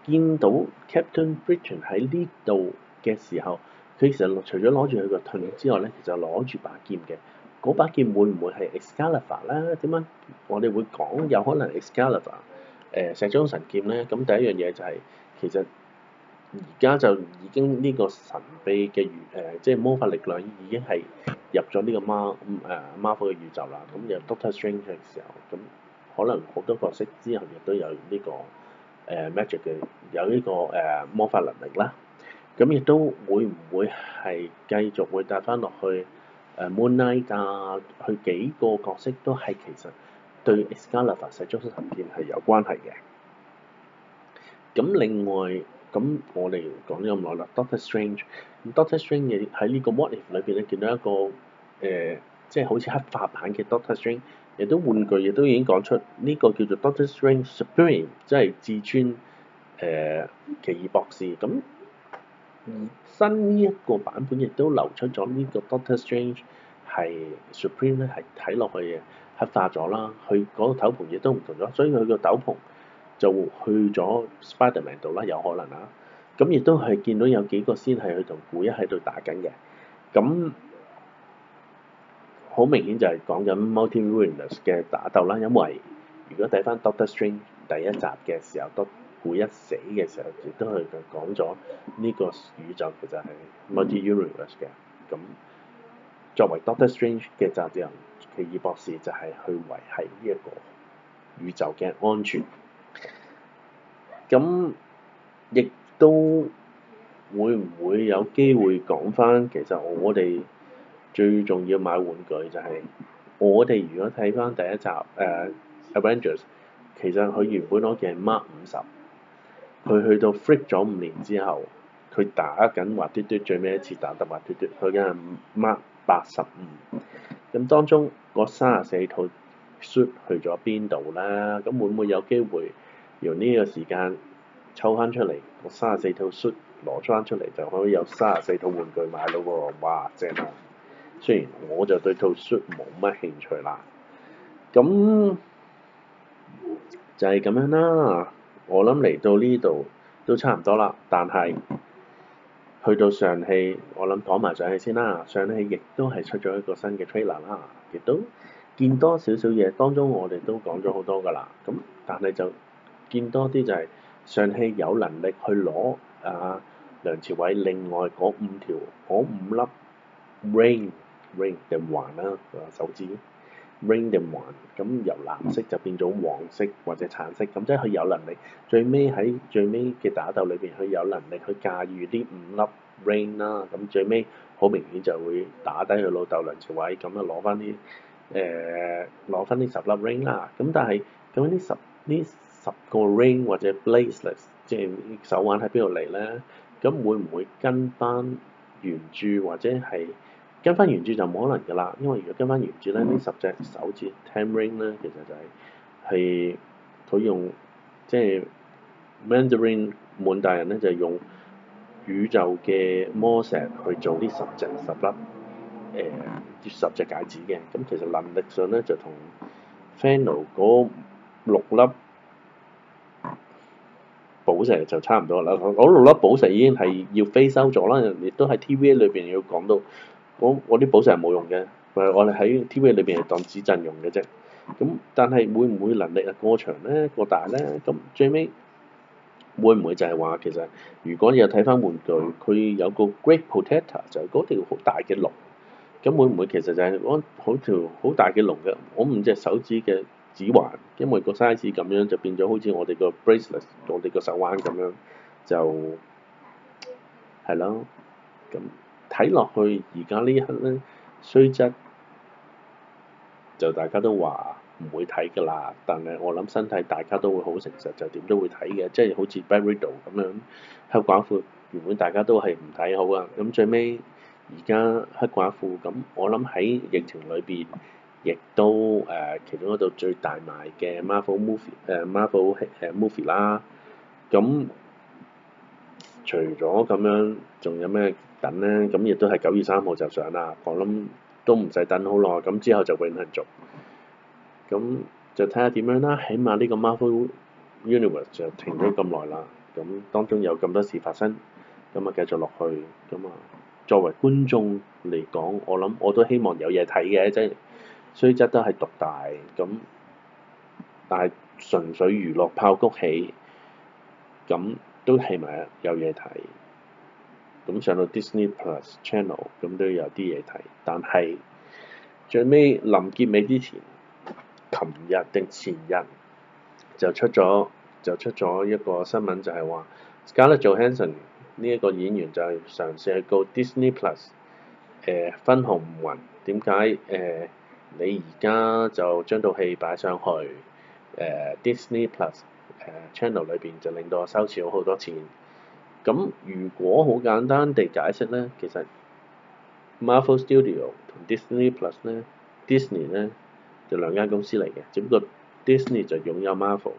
見到 Captain Britain 喺呢度嘅時候，佢其實除咗攞住佢個盾之外咧，其實攞住把劍嘅。嗰把劍會唔會係 Excalibur 咧？點解我哋會講有可能 Excalibur？誒、呃，石中神劍咧？咁第一樣嘢就係、係、其實而家就已經呢個神秘嘅宇、呃、即係魔法力量已經係入咗呢個 Mar,、呃、Marvel Marvel 嘅宇宙啦。咁有 Doctor Strange 嘅時候，咁可能好多角色之後亦都有呢、呢個。誒、呃、magic 嘅有呢個誒、呃、魔法能力啦，咁、嗯、亦都會唔會係繼續會帶翻落去誒、呃、Moon Knight 啊？佢、啊、幾個角色都係其實對 excalibur 石中神劍係有關係嘅。咁、嗯、另外咁我哋講咗咁耐啦，Doctor Strange，Doctor Strange 嘅、嗯、喺呢個 What If 裏邊咧見到一個誒、呃、即係好似黑化版嘅 Doctor Strange。亦都換句亦都已經講出呢個叫做 Doctor Strange Supreme，即係至尊誒奇異博士。咁新呢一個版本亦都流出咗呢個 Doctor Strange 係 Supreme 咧，係睇落去嘅，黑化咗啦。佢嗰個斗篷亦都唔同咗，所以佢個斗篷就去咗 Spider-Man 度啦，有可能啊。咁亦都係見到有幾個先係佢同古一喺度打緊嘅。咁好明顯就係講緊 multi-universe 嘅打鬥啦，因為如果睇翻 Doctor Strange 第一集嘅時候 d o 古一死嘅時候，亦都係佢講咗呢個宇宙其實係 multi-universe 嘅。咁作為 Doctor Strange 嘅責任，奇異博士就係去維繫呢一個宇宙嘅安全。咁亦都會唔會有機會講翻其實我哋？最重要買玩具就係我哋如果睇翻第一集誒、呃、Avengers，其實佢原本攞嘅係 Mark 五十，佢去到 Freak 咗五年之後，佢打緊滑嘟嘟最尾一次打到滑嘟嘟，佢梗係 Mark 八十五。咁當中個三十四套 suit 去咗邊度呢？咁會唔會有機會由呢個時間抽翻出嚟個三十四套 suit 攞出翻出嚟，就可以有三十四套玩具買到喎？哇！正啊！雖然我就對套書冇乜興趣啦，咁就係、是、咁樣啦。我諗嚟到呢度都差唔多啦，但係去到尚氣，我諗講埋尚氣先啦。尚氣亦都係出咗一個新嘅 trailer 啦，亦都見多少少嘢。當中我哋都講咗好多㗎啦。咁但係就見多啲就係、是、尚氣有能力去攞啊梁朝偉另外嗰五條嗰五粒 ring。Ring 定環啦，手指，Ring 定環，咁由藍色就變咗黃色或者橙色，咁即係佢有能力，最尾喺最尾嘅打鬥裏邊，佢有能力去駕馭啲五粒 Ring 啦，咁最尾好明顯就會打低佢老豆梁朝偉，咁啊攞翻啲誒攞翻啲十粒 Ring 啦，咁但係咁呢十呢十個 Ring 或者 Blaze 咧，即係手腕喺邊度嚟咧？咁會唔會跟翻原著或者係？跟翻原著就冇可能㗎啦，因為如果跟翻原著咧，呢十隻手指 Ten Rings 咧，mm hmm. 其實就係係佢用即係 Mandarin 滿大人咧，就係、是、用宇宙嘅 m o 魔石去做呢十隻十粒誒，即十、呃、十隻戒指嘅。咁、嗯、其實能力上咧就同 Fanel 嗰六粒寶石就差唔多啦。嗰六粒寶石已經係要飛收咗啦，亦都喺 TVA 裏邊要講到。我我啲寶石係冇用嘅，我哋喺 TVA 裏邊係當指陣用嘅啫。咁但係會唔會能力啊過長咧，過大咧？咁最尾會唔會就係話其實，如果你有睇翻玩具，佢有個 Great Protector 就係嗰條好大嘅龍。咁會唔會其實就係嗰條好大嘅龍嘅，我五隻手指嘅指環，因為個 size 咁樣就變咗好似我哋個 bracelet，我哋個手腕咁樣就係咯咁。睇落去而家呢一刻咧，雖則就大家都話唔會睇噶啦。但係我諗身體大家都會好誠實，就點都會睇嘅。即係好似 Barrydo 咁樣，黑寡婦，原本大家都係唔睇好啊。咁最尾而家黑寡婦，咁我諗喺疫情裏邊，亦都誒、呃、其中一道最大賣嘅 Mar、呃、Marvel movie 誒 Marvel movie 啦。咁除咗咁樣，仲有咩？等咧，咁亦都係九月三號就上啦。我諗都唔使等好耐，咁之後就永有做。咁就睇下點樣啦。起碼呢個 Marvel Universe 就停咗咁耐啦。咁當中有咁多事發生，咁啊繼續落去。咁啊，作為觀眾嚟講，我諗我都希望有嘢睇嘅，即係雖則都係獨大，咁但係純粹娛樂炮谷起，咁都係咪有嘢睇？咁上到 Disney Plus Channel，咁都有啲嘢睇。但係最尾臨結尾之前，琴日定前日就出咗就出咗一個新聞就係、是、話 Scarlett Johansson 呢一個演員就係嘗試去告 Disney Plus、呃呃去呃、Disney Plus 誒分紅唔勻。點解誒你而家就將套戲擺上去誒 Disney Plus 誒 Channel 裏邊，就令到我收少好多錢。咁如果好簡單地解釋咧，其實 Marvel Studio 同 Disney Plus 咧，Disney 咧就兩間公司嚟嘅，只不過 Disney 就擁有 Marvel，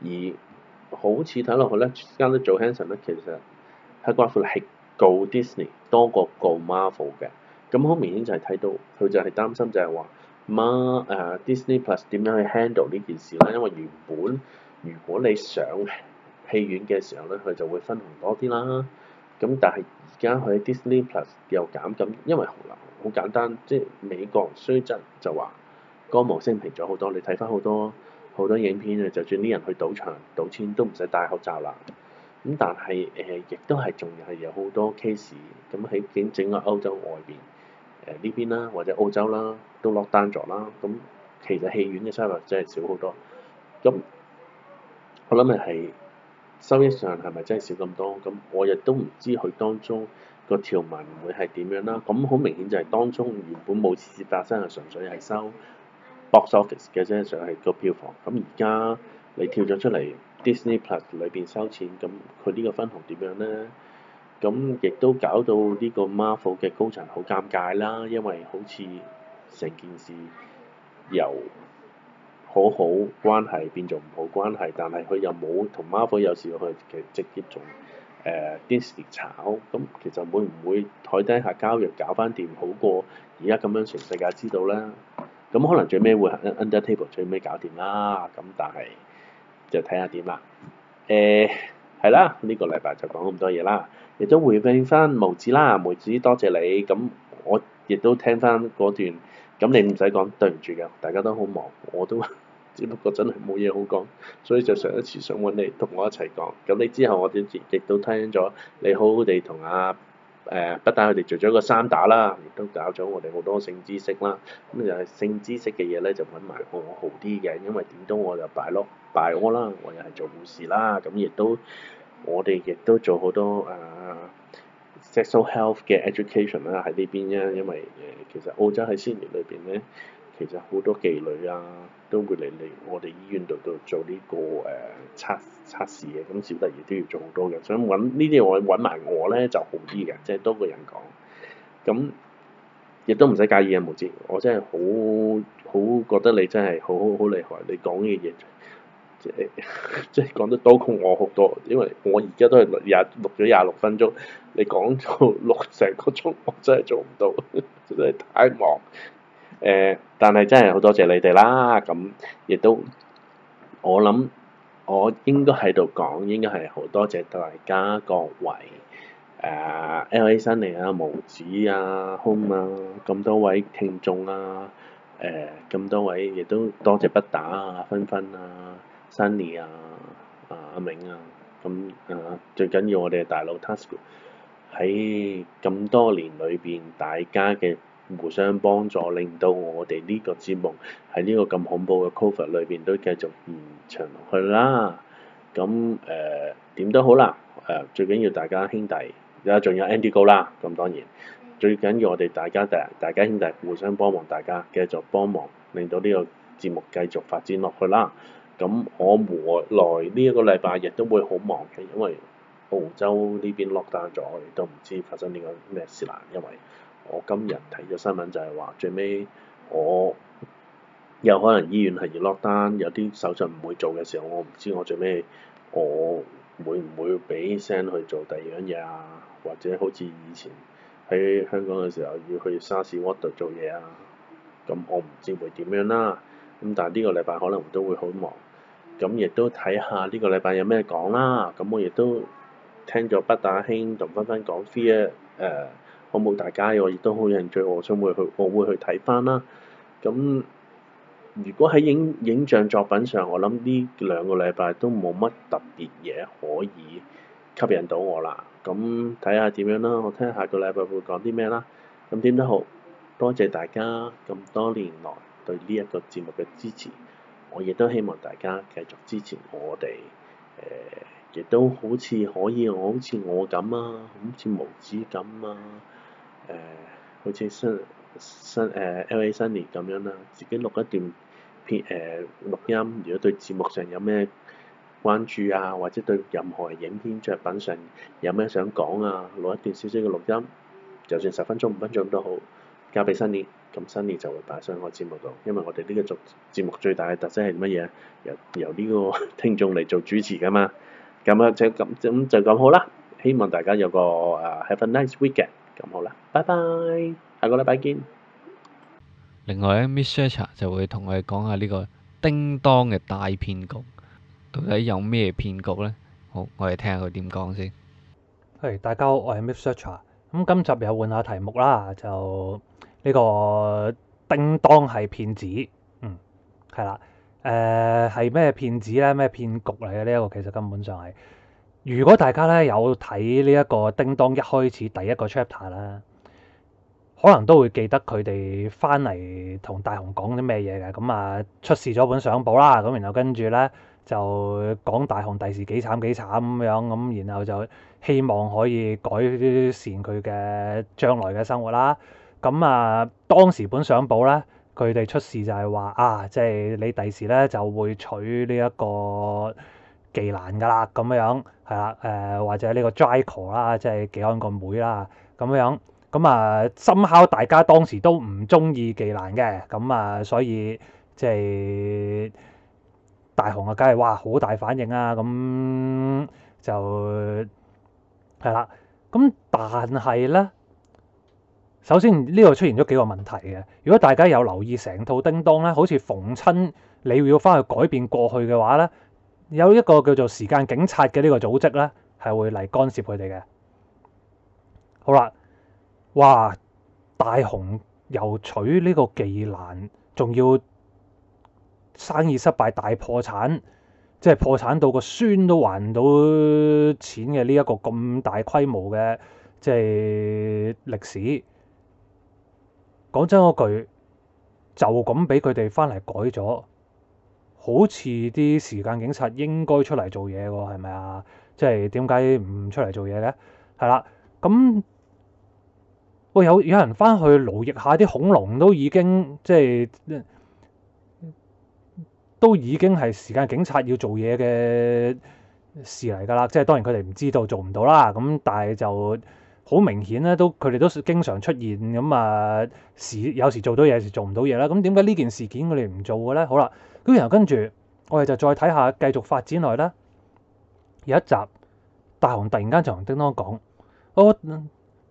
而好似睇落去咧，之間都做 hands-on 咧，其實係關乎嚟告 Disney 多過告 Marvel 嘅。咁、嗯、好明顯就係睇到佢就係擔心就係話 Mar 誒 Disney Plus 點樣去 handle 呢件事啦，因為原本如果你想戲院嘅時候咧，佢就會分紅多啲啦。咁但係而家佢 Disney Plus 又減緊，因為好難好簡單，即係美國雖則就話歌舞昇平咗好多，你睇翻好多好多影片啊，就算啲人去賭場賭錢都唔使戴口罩啦。咁但係誒、呃，亦都係仲係有好多 case。咁喺整整個歐洲外邊誒呢邊啦，或者澳洲啦，都 lockdown 咗啦。咁其實戲院嘅收入真係少好多。咁我諗咪係。收益上係咪真係少咁多？咁我亦都唔知佢當中個條文會係點樣啦。咁好明顯就係當中原本冇事發生，係純粹係收 box office 嘅啫，就係個票房。咁而家你跳咗出嚟 Disney Plus 裏邊收錢，咁佢呢個分紅點樣呢？咁亦都搞到呢個 Marvel 嘅高層好尷尬啦，因為好似成件事由～好好關係變做唔好關係，但係佢又冇同 Marvel 有時佢其實直接仲誒 dispute 炒，咁、嗯、其實會唔會台底下交易搞翻掂好過而家咁樣全世界知道啦。咁、嗯、可能最尾會 under table 最尾搞掂啦，咁、嗯、但係就睇下點啦。誒、呃、係啦，呢、這個禮拜就講咁多嘢啦。亦都回應翻毛子啦，毛子多謝你。咁、嗯、我亦都聽翻嗰段，咁、嗯、你唔使講對唔住嘅，大家都好忙，我都。只不過真係冇嘢好講，所以就上一次想揾你同我一齊講。咁你之後我哋亦都聽咗，你好好地同阿誒不打佢哋做咗一個三打啦，亦都搞咗我哋好多性知識啦。咁就係性知識嘅嘢咧，就揾埋我，我好啲嘅，因為點都我就擺落擺我啦，我又係做護士啦，咁亦都我哋亦都做好多誒、呃、sexual health 嘅 education 啦喺呢邊啊，因為誒、呃、其實澳洲喺先業裏邊咧。其實好多妓女啊，都會嚟嚟我哋醫院度度做呢、這個誒測測試嘅，咁、呃、小弟亦都要做好多嘅。想揾呢啲，我揾埋我咧就好啲嘅，即係多個人講。咁亦都唔使介意啊，無知，我真係好好覺得你真係好好厲害，你講嘅嘢即係即係講得多過我好多，因為我而家都係廿錄咗廿六分鐘，你講到六成個鐘，我真係做唔到，真係太忙。誒、呃，但係真係好多謝你哋啦！咁亦都，我諗我應該喺度講，應該係好多謝大家各位誒、呃、LA 辛尼啊、毛子啊、Home 啊，咁多位聽眾啊，誒、呃，咁多位亦都多謝不打啊、分分啊、Sunny 啊、啊阿明啊，咁、嗯、啊最緊要我哋大佬 Tasuku 喺咁多年裏邊，大家嘅。互相幫助，令到我哋呢個節目喺呢個咁恐怖嘅 COVID 裏邊都繼續延長落去啦。咁誒，點都好啦，誒、呃、最緊要大家兄弟，而家仲有 Andy 哥啦。咁當然最緊要我哋大家誒，大家兄弟互相幫忙，大家繼續幫忙，令到呢個節目繼續發展落去啦。咁我唔外來呢一個禮拜日都會好忙嘅，因為澳洲呢邊 lockdown 咗，我哋都唔知發生呢個咩事啦，因為。我今日睇咗新聞就係、是、話，最尾我有可能醫院係要 lock down，有啲手術唔會做嘅時候，我唔知我最尾我會唔會俾 send 去做第二樣嘢啊？或者好似以前喺香港嘅時候要去沙士 ward 度做嘢啊？咁、嗯、我唔知會點樣啦。咁、嗯、但係呢個禮拜可能都會好忙，咁、嗯、亦都睇下呢個禮拜有咩講啦。咁我亦都聽咗不打兄同分分講 Fear 好冇，大家，我亦都好興趣，我想會去，我會去睇翻啦。咁如果喺影影像作品上，我諗呢兩個禮拜都冇乜特別嘢可以吸引到我啦。咁睇下點樣啦，我睇下下個禮拜會講啲咩啦。咁點都好，多謝大家咁多年來對呢一個節目嘅支持。我亦都希望大家繼續支持我哋。誒、呃，亦都好似可以，好我好似我咁啊，好似毛子咁啊。誒、呃，好似辛辛誒《LA 辛尼》咁樣啦，自己錄一段片誒、呃、錄音。如果對節目上有咩關注啊，或者對任何影片作品上有咩想講啊，錄一段少少嘅錄音，就算十分鐘、五分鐘都好，交俾辛尼。咁辛尼就會擺上我節目度，因為我哋呢個節節目最大嘅特色係乜嘢？由由呢個聽眾嚟做主持㗎嘛。咁啊，就咁咁就咁好啦。希望大家有個誒、uh, Have a nice weekend。咁好啦，拜拜，下個禮拜見。另外咧，MythSearcher 就會同我哋講下呢個叮噹嘅大騙局，到底有咩騙局呢？好，我哋聽下佢點講先。係大家好，我係 MythSearcher。咁今集又換下題目啦，就呢個叮噹係騙子，嗯，係啦，誒、呃，係咩騙子呢？咩騙局嚟嘅呢？一個其實根本上係。如果大家咧有睇呢一個叮當一開始第一個 chapter 啦，可能都會記得佢哋翻嚟同大雄講啲咩嘢嘅，咁啊出示咗本相簿啦，咁然後跟住咧就講大雄第時幾慘幾慘咁樣，咁然後就希望可以改善佢嘅將來嘅生活啦。咁啊當時本相簿咧，佢哋出示就係話啊，即係你第時咧就會取呢一個。技安噶啦咁樣，係、呃、啦，誒或者呢個 Draco 啦，即係技安個妹啦，咁樣咁、嗯、啊，參考大家當時都唔中意技安嘅，咁啊，所以即係大雄啊，梗係哇好大反應啊，咁、嗯、就係啦，咁、嗯嗯嗯嗯、但係咧，首先呢度出現咗幾個問題嘅，如果大家有留意成套叮當咧，好似逢親你要翻去改變過去嘅話咧。有一個叫做時間警察嘅呢個組織咧，係會嚟干涉佢哋嘅。好啦，哇！大雄又娶呢個技蘭，仲要生意失敗大破產，即係破產到個孫都還唔到錢嘅呢一個咁大規模嘅即係歷史。講真嗰句，就咁俾佢哋翻嚟改咗。好似啲時間警察應該出嚟做嘢喎，係咪啊？即係點解唔出嚟做嘢咧？係啦，咁喂有有人翻去勞役下啲恐龍都已經即係都已經係時間警察要做嘢嘅事嚟噶啦。即係當然佢哋唔知道做唔到啦。咁但係就好明顯咧，都佢哋都經常出現咁啊。時有時做到嘢，有時做唔到嘢啦。咁點解呢件事件佢哋唔做嘅咧？好啦。然後跟住，我哋就再睇下繼續發展來啦。有一集，大雄突然間就同叮噹講：，我、oh,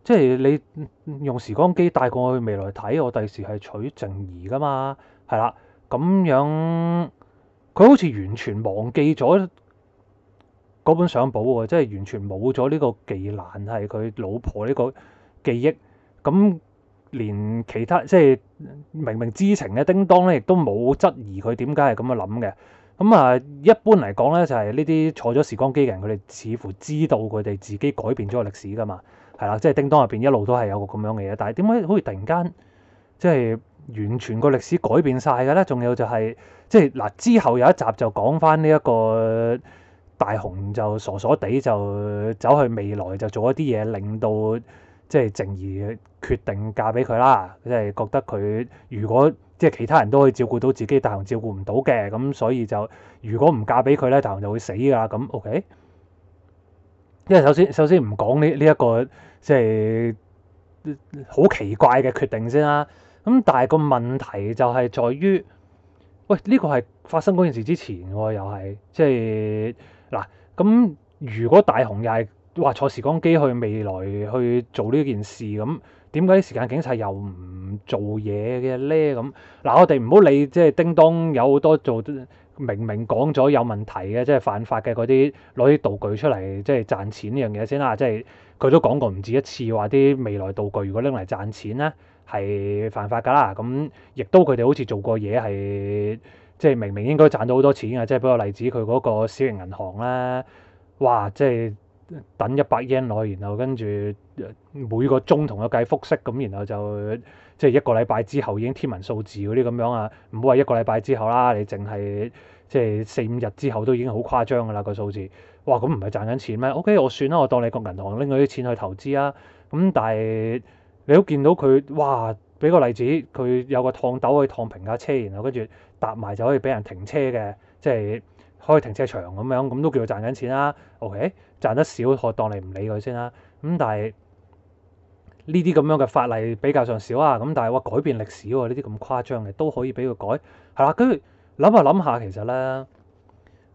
即係你用時光機帶過去未來睇，我第時係娶靜宜㗎嘛？係啦，咁樣佢好似完全忘記咗嗰本相簿喎、哦，即係完全冇咗呢個技能係佢老婆呢個記憶咁。嗯連其他即係明明知情嘅叮噹咧亦都冇質疑佢點解係咁樣諗嘅。咁、嗯、啊，一般嚟講咧，就係呢啲坐咗時光機嘅人，佢哋似乎知道佢哋自己改變咗個歷史噶嘛，係啦。即係叮噹入邊一路都係有個咁樣嘅嘢，但係點解好似突然間即係完全個歷史改變晒嘅咧？仲有就係、是、即係嗱、啊，之後有一集就講返呢一個大雄就傻傻地就走去未來就做一啲嘢，令到。即係靜兒決定嫁俾佢啦，即係覺得佢如果即係其他人都可以照顧到自己，大雄照顧唔到嘅，咁所以就如果唔嫁俾佢咧，大雄就會死噶喇咁。OK，因為首先首先唔講呢呢一個即係好奇怪嘅決定先啦。咁但係個問題就係在於，喂呢個係發生嗰件事之前喎，又係即係嗱咁。如果大雄又係話坐時光機去未來去做呢件事咁，點解啲時間警察又唔做嘢嘅咧？咁嗱，我哋唔好理，即係叮噹有好多做明明講咗有問題嘅，即係犯法嘅嗰啲攞啲道具出嚟即係賺錢呢樣嘢先啦、啊。即係佢都講過唔止一次話啲未來道具如果拎嚟賺錢咧係犯法㗎啦。咁、啊、亦都佢哋好似做過嘢係即係明明應該賺到好多錢嘅，即係俾個例子，佢嗰個小型銀行啦、啊，哇即係～等一百 yen 落去，然後跟住每個鐘同佢計複息咁，然後就即係一個禮拜之後已經天文數字嗰啲咁樣啊！唔好話一個禮拜之後啦，你淨係即係四五日之後都已經好誇張㗎喇個數字。哇！咁唔係賺緊錢咩？OK，我算啦，我當你個銀行拎咗啲錢去投資啊。咁但係你都見到佢哇！俾個例子，佢有個燙斗可以燙平架車，然後跟住搭埋就可以俾人停車嘅，即係開停車場咁樣，咁都叫做賺緊錢啦、啊。OK。賺得少，我當你唔理佢先啦。咁但係呢啲咁樣嘅法例比較上少啊。咁但係話改變歷史呢啲咁誇張嘅都可以俾佢改係啦。跟住諗下諗下，其實咧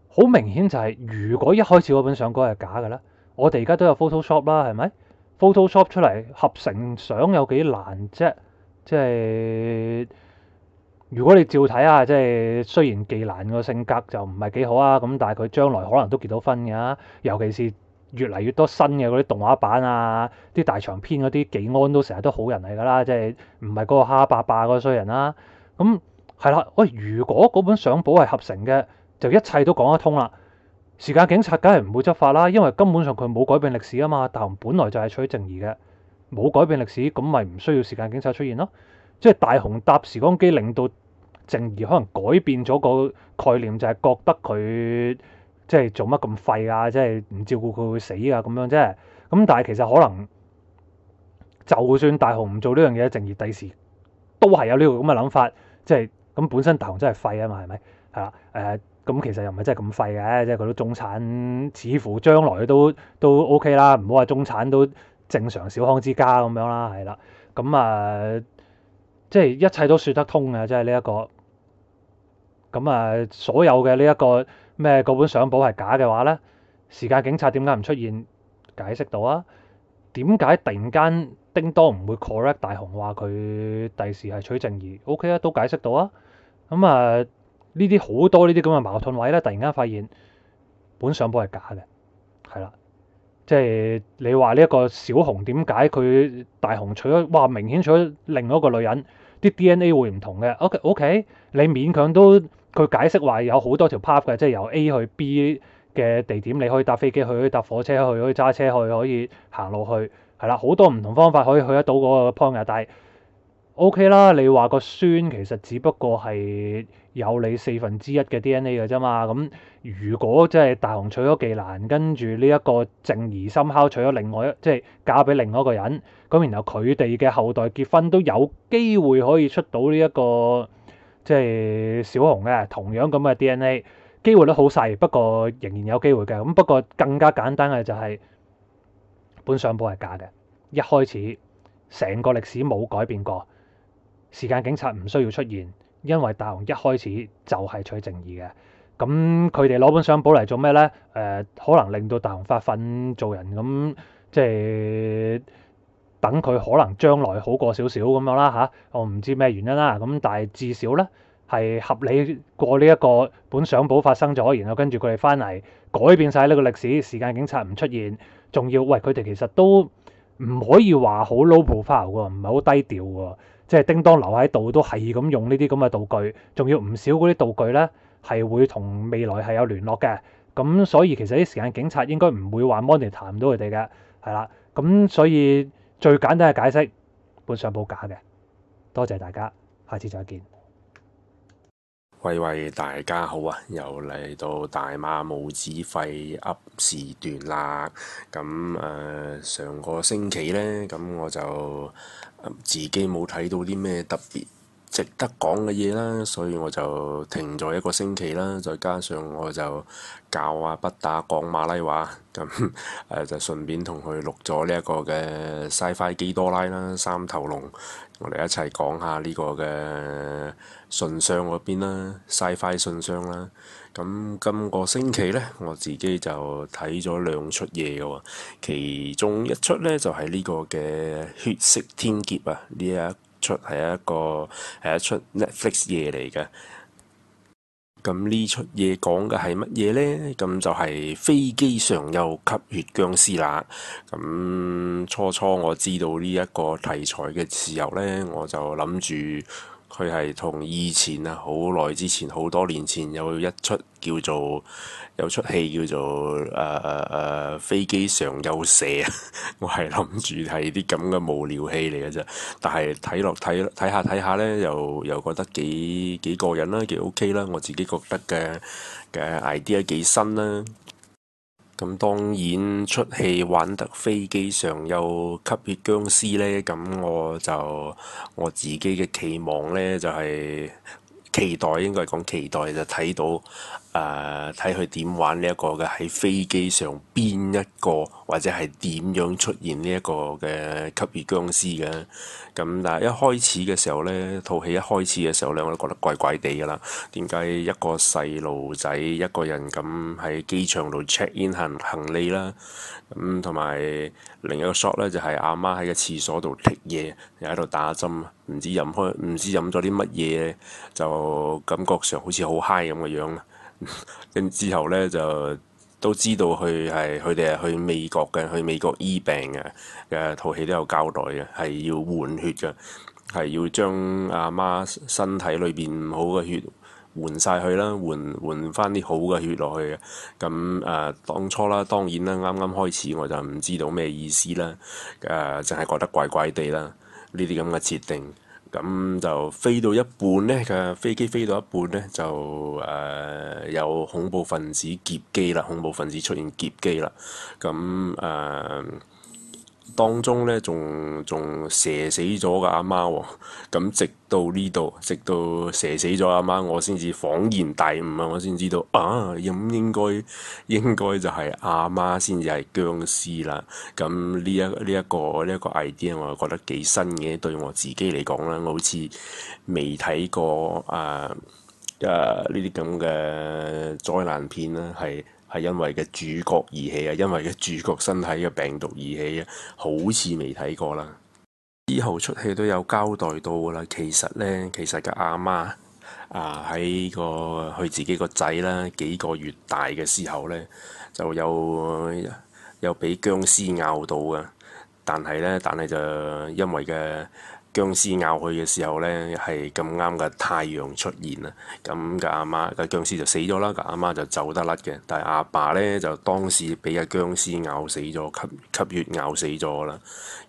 好明顯就係、是，如果一開始嗰本相簿係假嘅咧，我哋而家都有 Photoshop 啦，係咪 Photoshop 出嚟合成相有幾難啫？即係。如果你照睇下，即係雖然技安個性格就唔係幾好啊，咁但係佢將來可能都結到婚㗎。尤其是越嚟越多新嘅嗰啲動畫版啊，啲大長篇嗰啲技安都成日都好人嚟㗎啦，即係唔係嗰個蝦霸霸嗰衰人啦。咁係啦，喂，如果嗰本相簿係合成嘅，就一切都講得通啦。時間警察梗係唔會執法啦，因為根本上佢冇改變歷史啊嘛。大雄本來就係取正義嘅，冇改變歷史咁咪唔需要時間警察出現咯。即係大雄搭時光機，令到正義可能改變咗個概念，就係、是、覺得佢即係做乜咁廢啊！即係唔照顧佢會死啊咁樣，即係咁。但係其實可能就算大雄唔做呢樣嘢，正義第時都係有呢個咁嘅諗法。即係咁本身大雄真係廢啊嘛，係咪？係啦，誒、呃、咁其實又唔係真係咁廢嘅、啊，即係佢都中產似乎將來都都 OK 啦，唔好話中產都正常小康之家咁樣啦，係啦，咁、嗯、啊、呃、即係一切都説得通嘅，即係呢一個。咁啊、嗯，所有嘅呢一個咩嗰本相簿係假嘅話咧，時間警察點解唔出現解釋到啊？點解突然間叮當唔會 correct 大雄話佢第時係娶靜宜？OK 啊，都解釋到啊。咁、嗯、啊，呢啲好多呢啲咁嘅矛盾位咧，突然間發現本相簿係假嘅，係啦，即、就、係、是、你話呢一個小紅點解佢大雄娶咗哇？明顯娶咗另一個女人，啲 DNA 會唔同嘅？OK OK，你勉強都。佢解釋話有好多條 path 嘅，即係由 A 去 B 嘅地點，你可以搭飛機去，可以搭火車去，可以揸車去，可以行路去，係啦，好多唔同方法可以去得到嗰個 point 嘅。但係 OK 啦，你話個孫其實只不過係有你四分之一嘅 DNA 嘅啫嘛。咁如果即係大雄娶咗技蘭，跟住呢一個靜宜心敲娶咗另外一，即係嫁俾另外一個人，咁然後佢哋嘅後代結婚都有機會可以出到呢一個。即係小紅咧，同樣咁嘅 DNA，機會都好細，不過仍然有機會嘅。咁不過更加簡單嘅就係、是、本相簿係假嘅，一開始成個歷史冇改變過，時間警察唔需要出現，因為大雄一開始就係取正義嘅。咁佢哋攞本相簿嚟做咩咧？誒、呃，可能令到大雄發奮做人，咁即係。等佢可能將來好過少少咁樣啦嚇、啊，我唔知咩原因啦。咁但係至少咧，係合理過呢一個本相簿發生咗，然後跟住佢哋翻嚟改變晒呢個歷史。時間警察唔出現，仲要喂，佢哋其實都唔可以話好 low profile 喎，唔係好低調喎。即係叮當留喺度都係咁用呢啲咁嘅道具，仲要唔少嗰啲道具咧，係會同未來係有聯絡嘅。咁所以其實啲時間警察應該唔會話 monitor 唔到佢哋嘅，係啦。咁所以。最簡單嘅解釋，本上冇假嘅。多謝大家，下次再見。喂喂，大家好啊！又嚟到大馬毛子廢噏時段啦。咁誒、呃，上個星期咧，咁我就、呃、自己冇睇到啲咩特別。值得講嘅嘢啦，所以我就停咗一個星期啦。再加上我就教阿北打講馬拉話，咁 誒、啊、就順便同佢錄咗呢一個嘅《西飛基多拉》啦，《三頭龍》我。我哋一齊講下呢個嘅信箱嗰邊啦，《西飛信箱》啦。咁今個星期咧，我自己就睇咗兩出嘢嘅喎，其中一出咧就係、是、呢個嘅《血色天劫》啊，呢一出係一個係一出 Netflix 嘢嚟嘅，咁呢出嘢講嘅係乜嘢呢？咁就係「飛機上有吸血僵屍」啦。咁初初我知道呢一個題材嘅時候呢，我就諗住。佢係同以前啊，好耐之前，好多年前有一出叫做有出戲叫做誒誒誒飛機上有蛇啊！ 我係諗住睇啲咁嘅無聊戲嚟嘅啫，但係睇落睇睇下睇下咧，又又覺得幾幾過癮啦，幾 O K 啦，OK，我自己覺得嘅嘅 idea 幾新啦。咁當然出戲玩得飛機上有吸血僵屍呢。咁我就我自己嘅期望呢，就係、係、期待應該係講期待就睇到誒睇佢點玩呢一個嘅喺飛機上邊一個或者係點樣出現呢一個嘅吸血僵屍嘅。咁、嗯、但係一開始嘅時候呢套戲一開始嘅時候呢，我都覺得怪怪地㗎喇。點解一個細路仔一個人咁喺機場度 check in 行行李啦？同、嗯、埋另一個 shot 呢，就係、是、阿媽喺個廁所度剔嘢，又喺度打針，唔知飲開唔知飲咗啲乜嘢，就感覺上好似好 high 咁嘅樣啦。跟、嗯嗯、之後呢，就～都知道佢係佢哋係去美國嘅，去美國醫病嘅。嘅套戲都有交代嘅，係要換血嘅，係要將阿媽身體裏邊唔好嘅血換晒去啦，換換翻啲好嘅血落去嘅。咁、呃、誒，當初啦，當然啦，啱啱開始我就唔知道咩意思啦，誒、呃，淨係覺得怪怪地啦，呢啲咁嘅設定。咁就飛到一半咧，佢飛機飛到一半咧，就誒、呃、有恐怖分子劫機啦！恐怖分子出現劫機啦！咁誒、呃當中咧，仲仲射死咗個阿媽喎，咁 直到呢度，直到射死咗阿媽，我先至恍然大悟啊！我先知道啊，應、嗯、唔應該應該就係阿媽先至係殭屍啦。咁呢一呢一個呢一個 idea，我又覺得幾新嘅，對我自己嚟講咧，我好似未睇過誒誒呢啲咁嘅災難片啦，係。係因為嘅主角而起啊！因為嘅主角身體嘅病毒而起啊！好似未睇過啦。之後出戲都有交代到噶啦。其實呢，其實個阿媽啊喺個佢自己個仔呢幾個月大嘅時候呢，就有有俾殭屍咬到啊！但係呢，但係就因為嘅。僵屍咬佢嘅時候咧，係咁啱嘅太陽出現啦，咁個阿媽個僵屍就死咗啦，個阿媽就走得甩嘅，但係阿爸咧就當時俾個僵屍咬死咗，吸吸血咬死咗啦，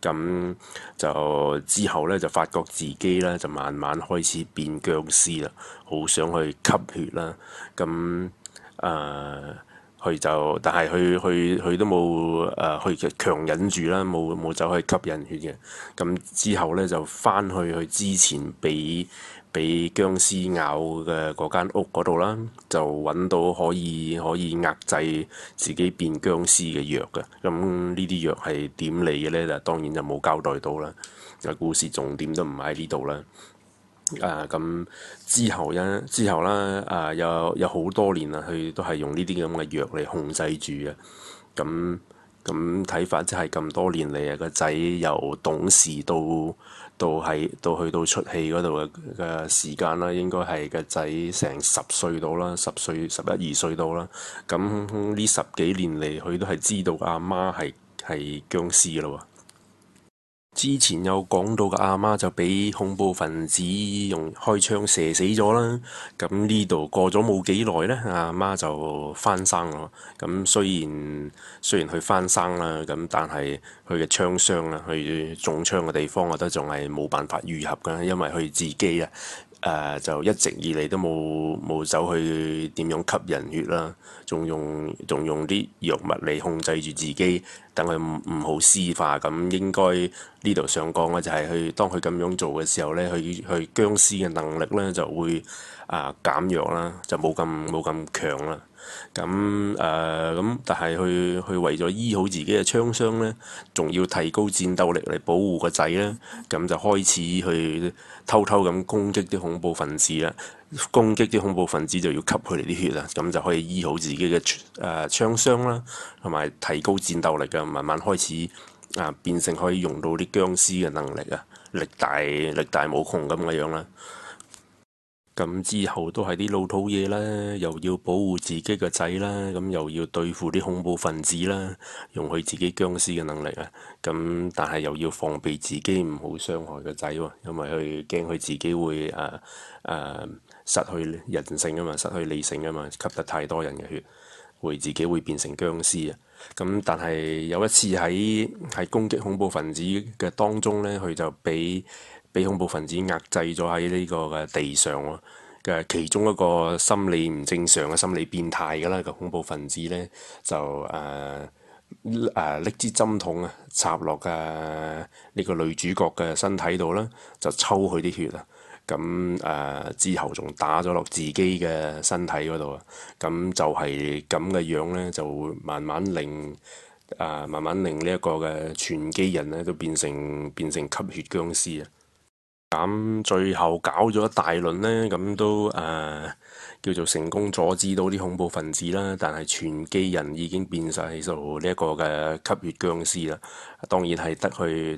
咁就之後咧就發覺自己咧就慢慢開始變僵屍啦，好想去吸血啦，咁誒。呃佢就但係佢佢佢都冇誒，佢、呃、強忍住啦，冇冇走去吸人血嘅。咁之後咧就翻去去之前被被殭屍咬嘅嗰間屋嗰度啦，就揾到可以可以壓制自己變僵屍嘅藥嘅。咁呢啲藥係點嚟嘅咧？就當然就冇交代到啦。但故事重點都唔喺呢度啦。啊，咁之後一之後啦，啊，有有好多年啦，佢都係用呢啲咁嘅藥嚟控制住嘅。咁咁睇法即係咁多年嚟啊，個仔由懂事到到喺到去到出戲嗰度嘅嘅時間啦，應該係個仔成十歲到啦，十歲十一二歲到啦。咁呢十幾年嚟，佢都係知道阿媽係係僵屍咯喎。之前有講到個阿媽就俾恐怖分子用開槍射死咗啦，咁呢度過咗冇幾耐咧，阿媽就翻生咯。咁雖然雖然佢翻生啦，咁但係佢嘅槍傷啦，佢中槍嘅地方我覺得仲係冇辦法愈合噶，因為佢自己啊。誒、uh, 就一直以嚟都冇冇走去點樣吸人血啦，仲用仲用啲藥物嚟控制住自己，等佢唔唔好屍化。咁應該呢度想講嘅就係去當佢咁樣做嘅時候咧，佢佢僵屍嘅能力咧就會啊呃、減弱啦，就冇咁冇咁強啦。咁誒，咁、呃、但係去去為咗醫好自己嘅槍傷呢，仲要提高戰鬥力嚟保護個仔呢，咁就開始去偷偷咁攻擊啲恐怖分子啦，攻擊啲恐怖分子就要吸佢哋啲血啊，咁就可以醫好自己嘅誒槍傷啦，同、呃、埋提高戰鬥力嘅，慢慢開始啊、呃、變成可以用到啲僵屍嘅能力啊，力大力大無窮咁嘅樣啦。咁之後都係啲老土嘢啦，又要保護自己嘅仔啦，咁又要對付啲恐怖分子啦，用佢自己僵屍嘅能力啊，咁但係又要防備自己唔好傷害個仔喎，因為佢驚佢自己會誒誒、呃呃、失去人性啊嘛，失去理性啊嘛，吸得太多人嘅血，會自己會變成僵屍啊。咁但係有一次喺喺攻擊恐怖分子嘅當中呢，佢就俾俾恐怖分子壓制咗喺呢個嘅地上咯，嘅其中一個心理唔正常嘅心理變態㗎啦，嘅恐怖分子咧就誒誒拎支針筒啊，插落嘅呢個女主角嘅身體度啦，就抽佢啲血啦。咁誒、呃、之後仲打咗落自己嘅身體嗰度啊。咁就係咁嘅樣咧，就慢慢令啊、呃、慢慢令呢一個嘅全機人咧都變成變成吸血僵屍。啊！咁最後搞咗一大輪呢，咁都誒、呃、叫做成功阻止到啲恐怖分子啦。但係全機人已經變晒做呢一個嘅吸血僵屍啦。當然係得佢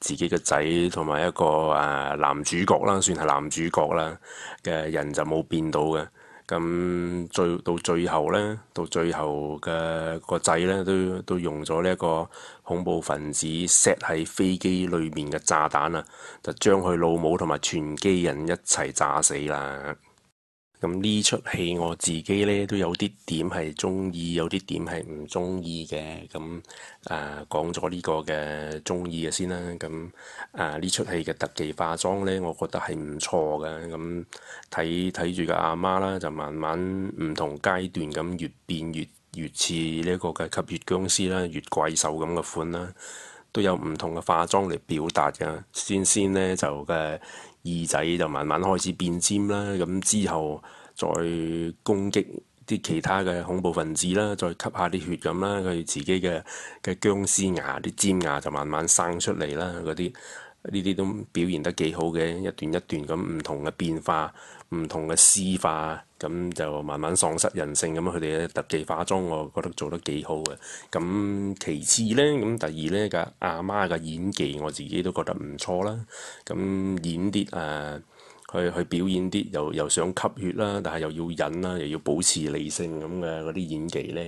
自己嘅仔同埋一個誒、呃、男主角啦，算係男主角啦嘅人就冇變到嘅。咁、嗯、最到最後咧，到最後嘅個仔咧，都都用咗呢一個恐怖分子 set 喺飛機裏面嘅炸彈啊，就將佢老母同埋全機人一齊炸死啦。咁呢出戲我自己呢都有啲點係中意，有啲點係唔中意嘅。咁誒、呃、講咗呢個嘅中意嘅先啦。咁誒呢出戲嘅特技化妝呢，我覺得係唔錯嘅。咁睇睇住個阿媽啦，就慢慢唔同階段咁越變越越似呢一個嘅吸血僵屍啦，越怪獸咁嘅款啦，都有唔同嘅化妝嚟表達㗎。先先呢，就嘅。耳仔就慢慢開始變尖啦，咁之後再攻擊啲其他嘅恐怖分子啦，再吸下啲血咁啦，佢自己嘅嘅殭屍牙啲尖牙就慢慢生出嚟啦，嗰啲呢啲都表現得幾好嘅，一段一段咁唔同嘅變化。唔同嘅屍化，咁就慢慢喪失人性。咁佢哋嘅特技化妝，我覺得做得幾好嘅。咁其次呢，咁第二呢，阿媽嘅演技，我自己都覺得唔錯啦。咁演啲誒，去、呃、去表演啲，又又想吸血啦，但係又要忍啦，又要保持理性咁嘅嗰啲演技呢，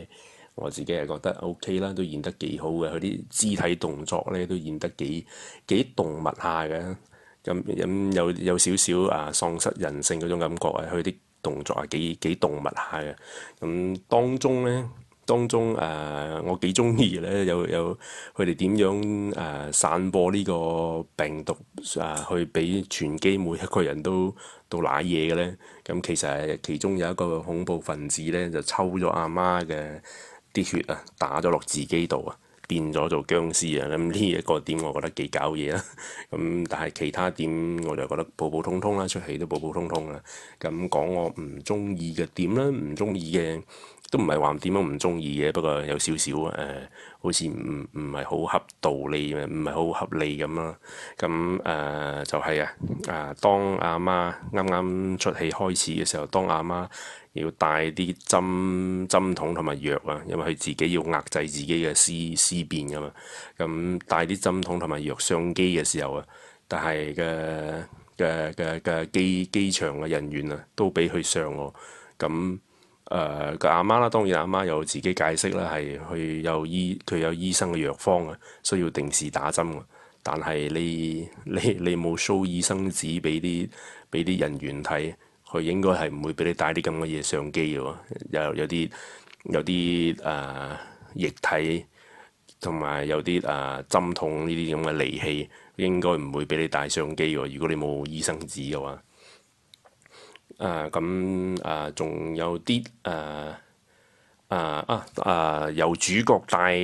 我自己係覺得 OK 啦，都演得幾好嘅。佢啲肢體動作呢都演得幾幾動物下嘅。咁咁、嗯、有有少少啊喪失人性嗰種感覺啊，佢啲動作啊幾幾動物下嘅。咁當中咧，當中誒、啊、我幾中意咧，有有佢哋點樣誒、啊、散播呢個病毒啊，去畀全機每一個人都都瀨嘢嘅咧。咁、嗯、其實其中有一個恐怖分子咧，就抽咗阿媽嘅啲血啊，打咗落自己度啊。變咗做僵屍啊！咁呢一個點，我覺得幾搞嘢啦。咁但係其他點，我就覺得普普通通啦，出戲都普普通通啦。咁講我唔中意嘅點咧，唔中意嘅都唔係話點樣唔中意嘅，不過有少少誒，好似唔唔係好合道理，唔係好合理咁啦。咁誒、呃、就係、是、啊，啊當阿媽啱啱出戲開始嘅時候，當阿媽，媽。要帶啲針針筒同埋藥啊，因為佢自己要壓制自己嘅屍屍變㗎嘛。咁、嗯、帶啲針筒同埋藥上機嘅時候啊，但係嘅嘅嘅嘅機機場嘅人員啊，都俾佢上喎。咁誒個阿媽啦，當然阿媽有自己解釋啦，係佢有醫佢有醫生嘅藥方啊，需要定時打針啊。但係你你你冇 show 醫生紙俾啲俾啲人員睇？佢應該係唔會俾你帶啲咁嘅嘢相機嘅喎，有有啲有啲誒、呃、液體，同埋有啲誒、呃、針筒呢啲咁嘅利器，應該唔會俾你帶相機喎。如果你冇醫生紙嘅話，誒咁誒仲有啲誒。呃啊啊啊！由主角帶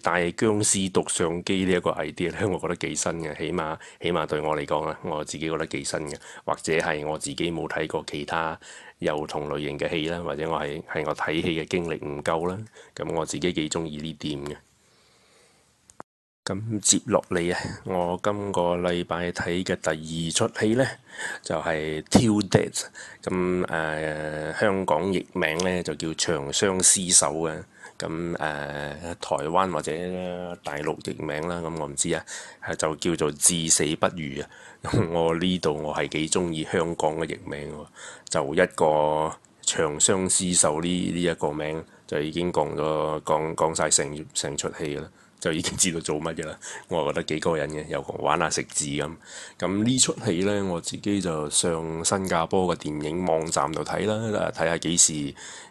帶殭屍讀相機呢一個 idea 咧，我覺得幾新嘅，起碼起碼對我嚟講咧，我自己覺得幾新嘅，或者係我自己冇睇過其他有同類型嘅戲啦，或者我係係我睇戲嘅經歷唔夠啦，咁我自己幾鍾意呢點嘅。咁接落嚟啊，我今個禮拜睇嘅第二出戲呢，就係、是《Till Death》。咁、呃、誒，香港譯名呢，就叫《長相屍手》嘅。咁、呃、誒，台灣或者大陸譯名啦，咁我唔知啊，就叫做《至死不渝》啊。我呢度我係幾中意香港嘅譯名喎，就一個《長相屍手》呢呢一個名，就已經講咗講講曬成成出戲啦。就已經知道做乜嘅啦，我係覺得幾過癮嘅，又玩下食字咁。咁呢出戲呢，我自己就上新加坡嘅電影網站度睇啦，睇下幾時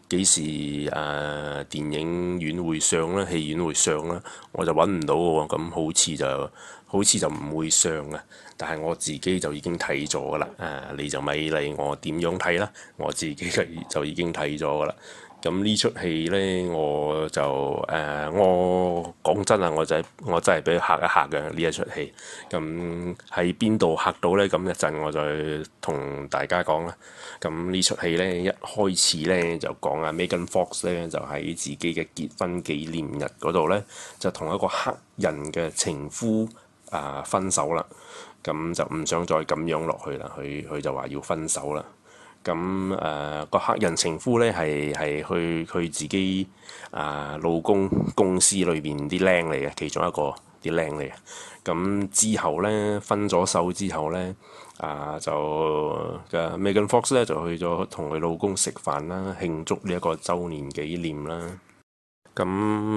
幾時誒、啊、電影院會上啦，戲院會上啦，我就揾唔到喎。咁好似就好似就唔會上啦，但係我自己就已經睇咗噶啦。誒、啊，你就咪理我點樣睇啦，我自己就已經睇咗噶啦。咁呢出戲呢，我就誒、呃，我講真啊，我就是、我真係畀佢嚇一嚇嘅呢一出戲。咁喺邊度嚇到呢？咁一陣我再同大家講啦。咁呢出戲呢，一開始呢，就講啊 Megan Fox 呢，就喺自己嘅結婚紀念日嗰度呢，就同一個黑人嘅情夫啊、呃、分手啦。咁就唔想再咁樣落去啦，佢佢就話要分手啦。咁誒個黑人情夫咧，係係去去自己啊、呃、老公公司裏邊啲僆嚟嘅，其中一個啲僆嚟嘅。咁之後咧分咗手之後咧啊、呃，就嘅 Megan Fox 咧就去咗同佢老公食飯啦，慶祝呢一個周年紀念啦。咁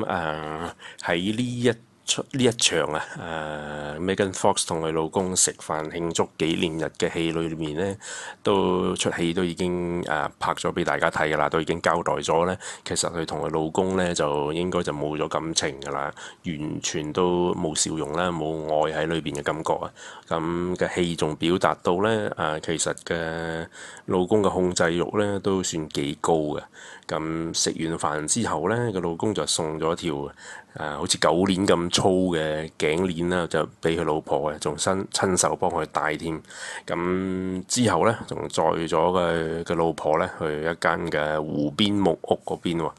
誒喺呢一出呢一場啊，Megan Fox 同佢老公食飯慶祝紀念日嘅戲裏面呢，都出戲都已經誒、啊、拍咗俾大家睇㗎啦，都已經交代咗呢，其實佢同佢老公呢，就應該就冇咗感情㗎啦，完全都冇笑容啦，冇愛喺裏邊嘅感覺啊。咁嘅戲仲表達到呢，誒、啊，其實嘅老公嘅控制欲呢，都算幾高嘅。咁食完飯之後呢，個老公就送咗條，啊，好似狗鏈咁粗嘅頸鏈啦，就俾佢老婆嘅，仲親親手幫佢戴添。咁、啊、之後呢，仲載咗佢嘅老婆呢去一間嘅湖邊木屋嗰邊喎。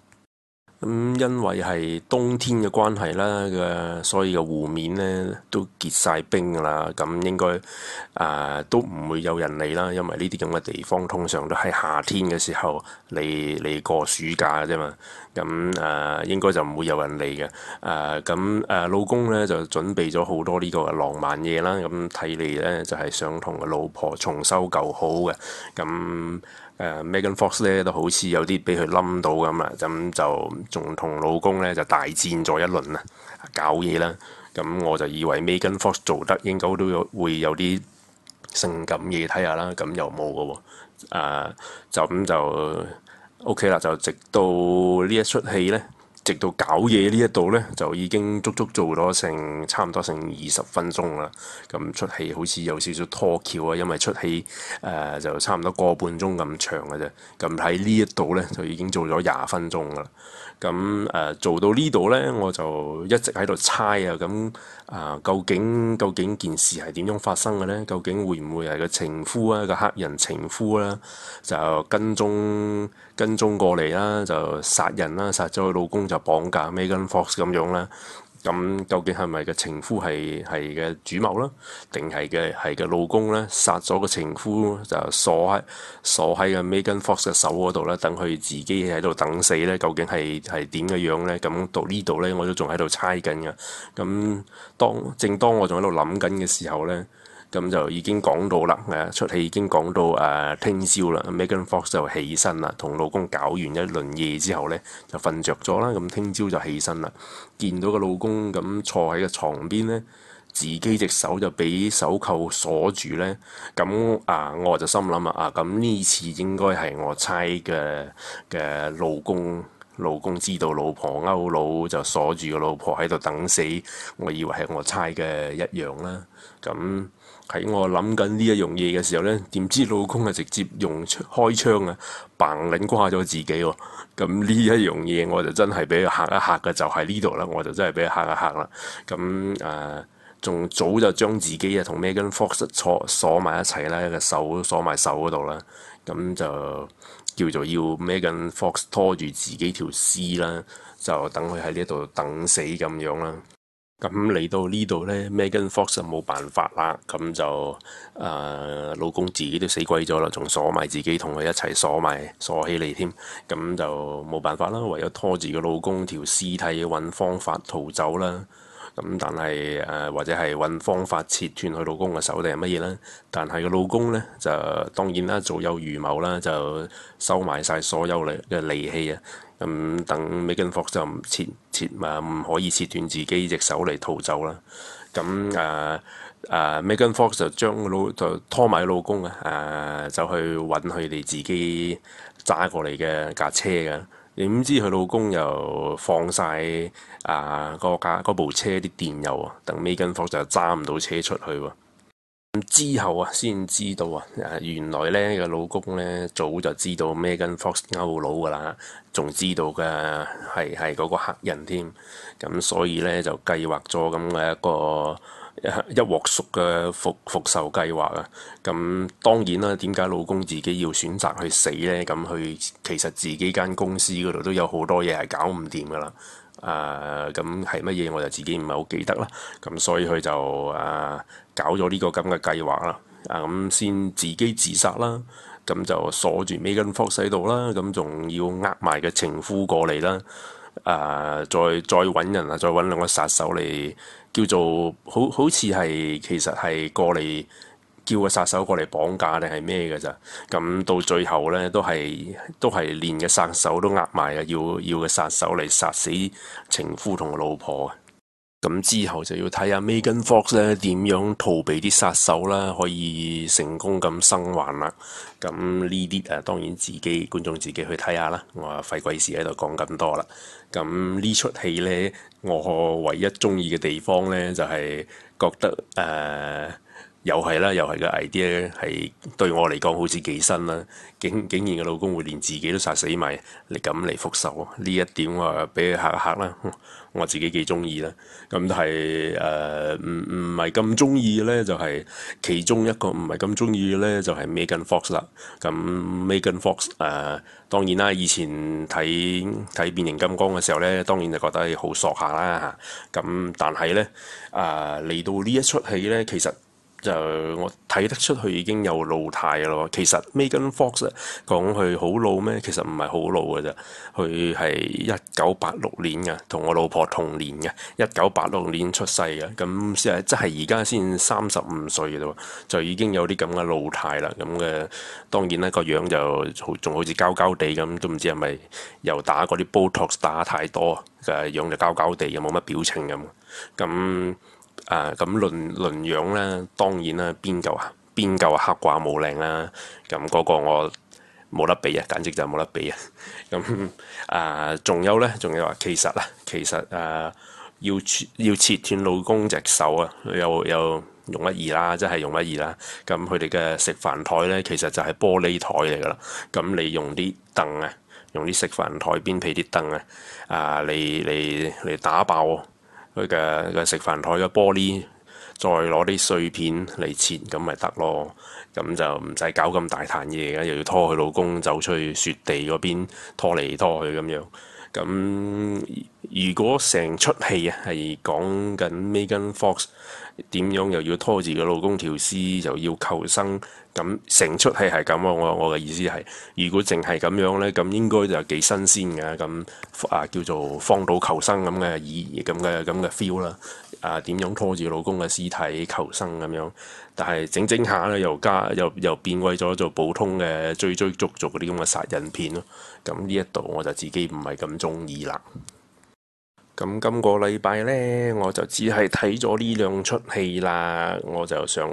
咁、啊、因為係冬天嘅關係啦，嘅、啊、所以個湖面呢都結晒冰㗎啦。咁、啊、應該啊都唔會有人嚟啦，因為呢啲咁嘅地方通常都係夏天嘅時候嚟嚟過暑假嘅啫嘛。咁誒、呃、應該就唔會有人嚟嘅。誒，咁誒老公咧就準備咗好多呢個浪漫嘢啦，咁睇嚟咧就係、是、想同個老婆重修舊好嘅。咁誒 Megan Fox 咧都好似有啲俾佢冧到咁啦，咁就仲同老公咧就大戰咗一輪啊，搞嘢啦。咁我就以為 Megan Fox 做得應該都有會有啲性感嘢睇下啦，咁又冇嘅喎。誒、呃、就咁就～O.K. 啦，就直到呢一出戲呢，直到搞嘢呢一度呢，就已經足足做咗成差唔多成二十分鐘啦。咁、嗯、出戲好似有少少拖橋啊，因為出戲、呃、就差唔多個半鐘咁長嘅啫。咁喺呢一度呢，就已經做咗廿分鐘啦。咁誒、嗯、做到呢度咧，我就一直喺度猜啊！咁啊，究竟究竟件事係點樣發生嘅咧？究竟會唔會係個情夫啊，個黑人情夫啦、啊，就跟蹤跟蹤過嚟啦、啊，就殺人啦、啊，殺咗佢老公就綁架，Megan Fox 咁樣啦？咁究竟係咪個情夫係係嘅主謀啦？定係嘅係嘅老公呢？殺咗個情夫就鎖喺鎖喺個 Megan Fox 嘅手嗰度啦，等佢自己喺度等死呢？究竟係係點嘅樣，樣呢？咁到呢度呢，我都仲喺度猜緊嘅。咁當正當我仲喺度諗緊嘅時候呢。咁就已經講到啦、啊，出戲已經講到誒聽朝啦。Megan Fox 就起身啦，同老公搞完一輪嘢之後呢，就瞓着咗啦。咁聽朝就起身啦，見到個老公咁坐喺個床邊呢，自己隻手就俾手扣鎖住呢。咁啊，我就心諗啊，咁呢次應該係我猜嘅嘅老公，老公知道老婆勾佬就鎖住個老婆喺度等死，我以為係我猜嘅一樣啦。咁喺我諗緊呢一樣嘢嘅時候呢，點知老公係直接用開槍啊，砰！擰瓜咗自己喎、啊。咁呢一樣嘢我就真係俾佢嚇一嚇嘅，就係呢度啦，我就真係俾佢嚇一嚇啦。咁誒，仲、呃、早就將自己啊同 Megan Fox 鎖鎖埋一齊啦，個手鎖埋手嗰度啦。咁就叫做要 Megan Fox 拖住自己條屍啦，就等佢喺呢度等死咁樣啦。咁嚟到呢度咧，Megan Fox 就冇辦法啦，咁就誒、呃、老公自己都死鬼咗啦，仲鎖埋自己同佢一齊鎖埋，鎖起嚟添，咁就冇辦法啦，唯有拖住個老公條屍體，要揾方法逃走啦。咁但係誒或者係揾方法切斷佢老公嘅手定係乜嘢呢？但係個老公咧就當然啦，早有預謀啦，就收埋晒所有嘅利器、嗯、啊！咁等 Megan Fox 就唔切切嘛，唔可以切斷自己隻手嚟逃走啦。咁誒誒 Megan Fox 就將老就拖埋老公啊，就去揾佢哋自己揸過嚟嘅架車嘅。啊。點知佢老公又放晒啊嗰架、那個、部車啲電油啊，等 Megan Fox 就揸唔到車出去喎。咁、啊、之後啊，先知道啊，啊原來咧個老公咧早就知道 Megan Fox 勾佬噶啦，仲知道嘅係係嗰個黑人添。咁、啊啊、所以咧就計劃咗咁嘅一個。一一鑊熟嘅復復仇計劃啊！咁當然啦，點解老公自己要選擇去死呢？咁佢其實自己間公司嗰度都有好多嘢係搞唔掂噶啦。啊，咁係乜嘢我就自己唔係好記得啦。咁所以佢就啊搞咗呢個咁嘅計劃啦。啊咁先自己自殺啦。咁就鎖住 Megan Fox 喺度啦。咁仲要呃埋個情夫過嚟啦。啊，再再揾人啊，再揾兩個殺手嚟。叫做好好似係其實係過嚟叫個殺手過嚟綁架定係咩嘅咋？咁到最後咧，都係都係連個殺手都呃埋啊，要要個殺手嚟殺死情夫同個老婆啊！咁之後就要睇下 Megan Fox 咧點樣逃避啲殺手啦，可以成功咁生還啦。咁呢啲啊，當然自己觀眾自己去睇下啦。我話費鬼事喺度講咁多啦。咁呢出戲咧，我唯一中意嘅地方咧，就係覺得誒。呃又係啦，又係個 idea 係對我嚟講好似幾新啦。竟竟然嘅老公會連自己都殺死埋嚟咁嚟復仇，呢一點我係俾佢嚇嚇啦。我自己幾中意啦。咁都係唔唔係咁中意嘅咧，呃、就係、是、其中一個唔係咁中意嘅咧，就係 Megan Fox 啦。咁 Megan Fox 誒、呃，當然啦，以前睇睇變形金剛嘅時候咧，當然就覺得好索下啦。咁、啊、但係咧誒，嚟、呃、到呢一出戲咧，其實～就我睇得出去已經有老態咯。其實 Megan Fox 講佢好老咩？其實唔係好老嘅啫。佢係一九八六年嘅，同我老婆同年嘅，一九八六年出世嘅。咁即係而家先三十五歲嘅咯，就已經有啲咁嘅老態啦。咁嘅當然啦，個樣就仲好，好似膠膠地咁，都唔知係咪又打嗰啲 Botox 打太多，誒樣就膠膠地又冇乜表情咁。咁啊，咁論論樣咧，當然啦，邊嚿啊，邊嚿啊黑寡婦冇靚啦，咁、啊、嗰、嗰個我冇得比啊，簡直就冇得比 啊，咁啊，仲有咧，仲有話其實啊，其實啊，要要切斷老公隻手啊，有又容乜易啦，即係容乜易啦，咁佢哋嘅食飯台咧，其實就係玻璃台嚟噶啦，咁你用啲凳啊，用啲食飯台邊備啲凳啊，啊，你啊你你，你打爆喎、啊！佢嘅嘅食飯台嘅玻璃，再攞啲碎片嚟切，咁咪得咯。咁就唔使搞咁大壇嘢，又要拖佢老公走出去雪地嗰邊拖嚟拖去咁樣。咁如果成出戲啊，係講緊 Megan Fox 點樣又要拖住佢老公條屍，又要求生。咁成出戲係咁咯，我我嘅意思係，如果淨係咁樣呢，咁應該就幾新鮮嘅，咁啊叫做荒島求生咁嘅意義咁嘅咁嘅 feel 啦，fe el，啊點樣拖住老公嘅屍體求生咁樣，但係整整下呢，又加又又變為咗做普通嘅追追逐逐嗰啲咁嘅殺人片咯，咁呢一度我就自己唔係咁中意啦。咁今個禮拜咧，我就只係睇咗呢兩出戲啦，我就想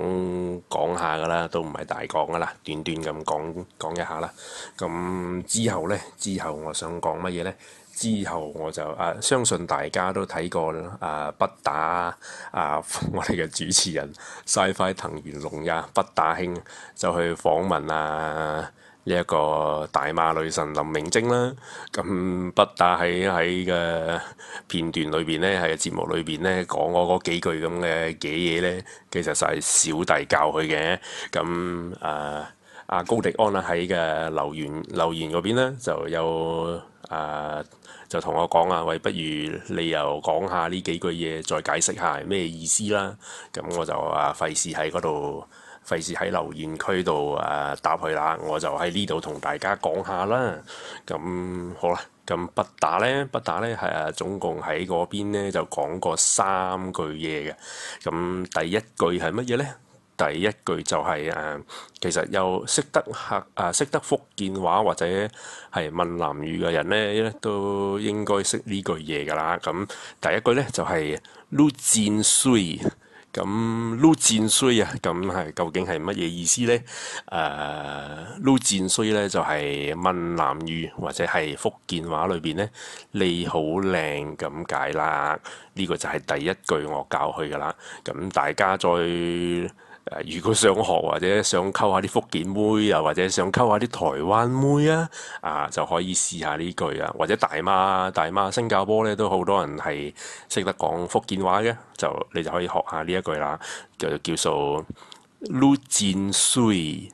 講下噶啦，都唔係大講噶啦，短短咁講講一下啦。咁、嗯、之後咧，之後我想講乜嘢咧？之後我就啊，相信大家都睇過啦。啊，不打啊，我哋嘅主持人 SciFi 藤原龍也不打兄就去訪問啊。呢一個大馬女神林明晶啦，咁不打喺喺嘅片段裏邊咧，喺節目裏邊咧講我嗰幾句咁嘅嘅嘢咧，其實就係小弟教佢嘅。咁啊啊高迪安啊喺嘅留言留言嗰邊咧，就有，啊就同我講啊，喂，不如你又講下呢幾句嘢，再解釋下咩意思啦。咁我就啊費事喺嗰度，費事喺留言區度誒答佢啦，我就喺呢度同大家講下啦。咁、嗯、好啦，咁、嗯、不打咧，不打咧係啊總共喺嗰邊咧就講過三句嘢嘅。咁、嗯、第一句係乜嘢咧？第一句就係、是、誒、呃，其實又識得客誒、呃、識得福建話或者係閩南語嘅人咧，都應該識呢句嘢噶啦。咁、嗯、第一句咧就係撈戰衰。咁擼戰衰啊！咁係、嗯、究竟係乜嘢意思咧？誒、呃，擼戰衰咧就係、是、閩南語或者係福建話裏邊咧，你好靚咁解啦。呢、這個就係第一句我教佢噶啦。咁、嗯、大家再。如果想學或者想溝下啲福建妹啊，或者想溝下啲台灣妹啊，啊就可以試下呢句啊，或者大媽大媽，新加坡咧都好多人係識得講福建話嘅，就你就可以學下呢一句啦，就叫，叫做 Loo Jin Sue，OK。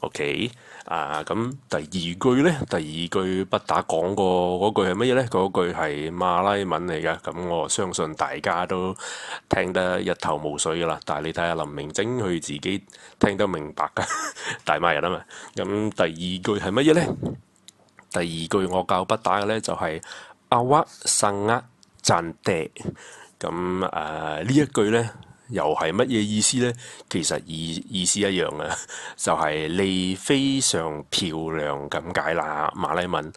Okay? 啊咁、嗯，第二句呢？第二句不打講過嗰句係乜嘢呢？嗰句係馬來文嚟噶，咁、嗯、我相信大家都聽得一頭霧水噶啦。但係你睇下林明晶佢自己聽得明白噶 大馬人啊嘛。咁、嗯嗯、第二句係乜嘢呢？第二句我教不打嘅呢，就係阿屈甚厄鎮地。咁 啊呢一句呢。又係乜嘢意思呢？其實意思一樣啊，就係、是、你非常漂亮咁解啦，馬來文。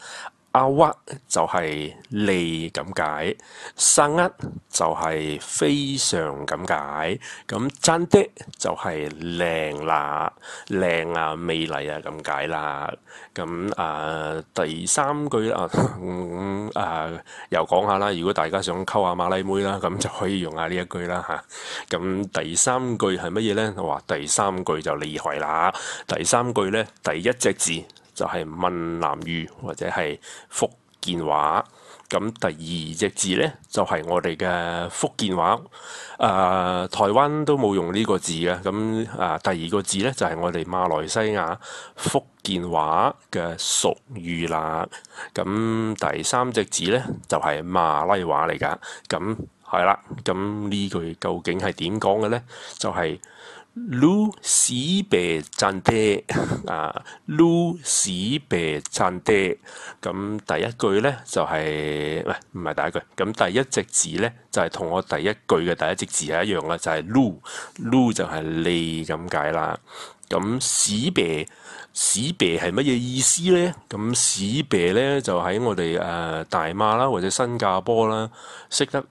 阿屈就係利咁解，生厄就係非常咁解，咁真的就係靚啦，靚啊，美麗啊咁解啦。咁啊第三句啊，嗯嗯、啊又講下啦，如果大家想溝下馬拉妹啦，咁就可以用下呢一句啦吓。咁、啊、第三句係乜嘢咧？哇，第三句就厲害啦！第三句咧，第一隻字。就係閩南語或者係福建話，咁第二隻字呢，就係我哋嘅福建話，誒，台灣都冇用呢個字嘅，咁啊第二個字呢，就係我哋馬來西亞福建話嘅熟語啦，咁第三隻字呢，就係馬拉話嚟噶，咁係啦，咁呢句究竟係點講嘅呢？就係。擼屎爸贊爹啊，擼屎爸贊爹。咁第一句咧就係，喂，唔係第一句，咁、嗯、第一隻字咧就係、是，同我第一句嘅第一隻字係一樣嘅，就係、是、擼。擼就係你咁解啦。咁屎爸屎爸係乜嘢意思咧？咁屎爸咧就喺我哋誒、呃、大馬啦或者新加坡啦識得。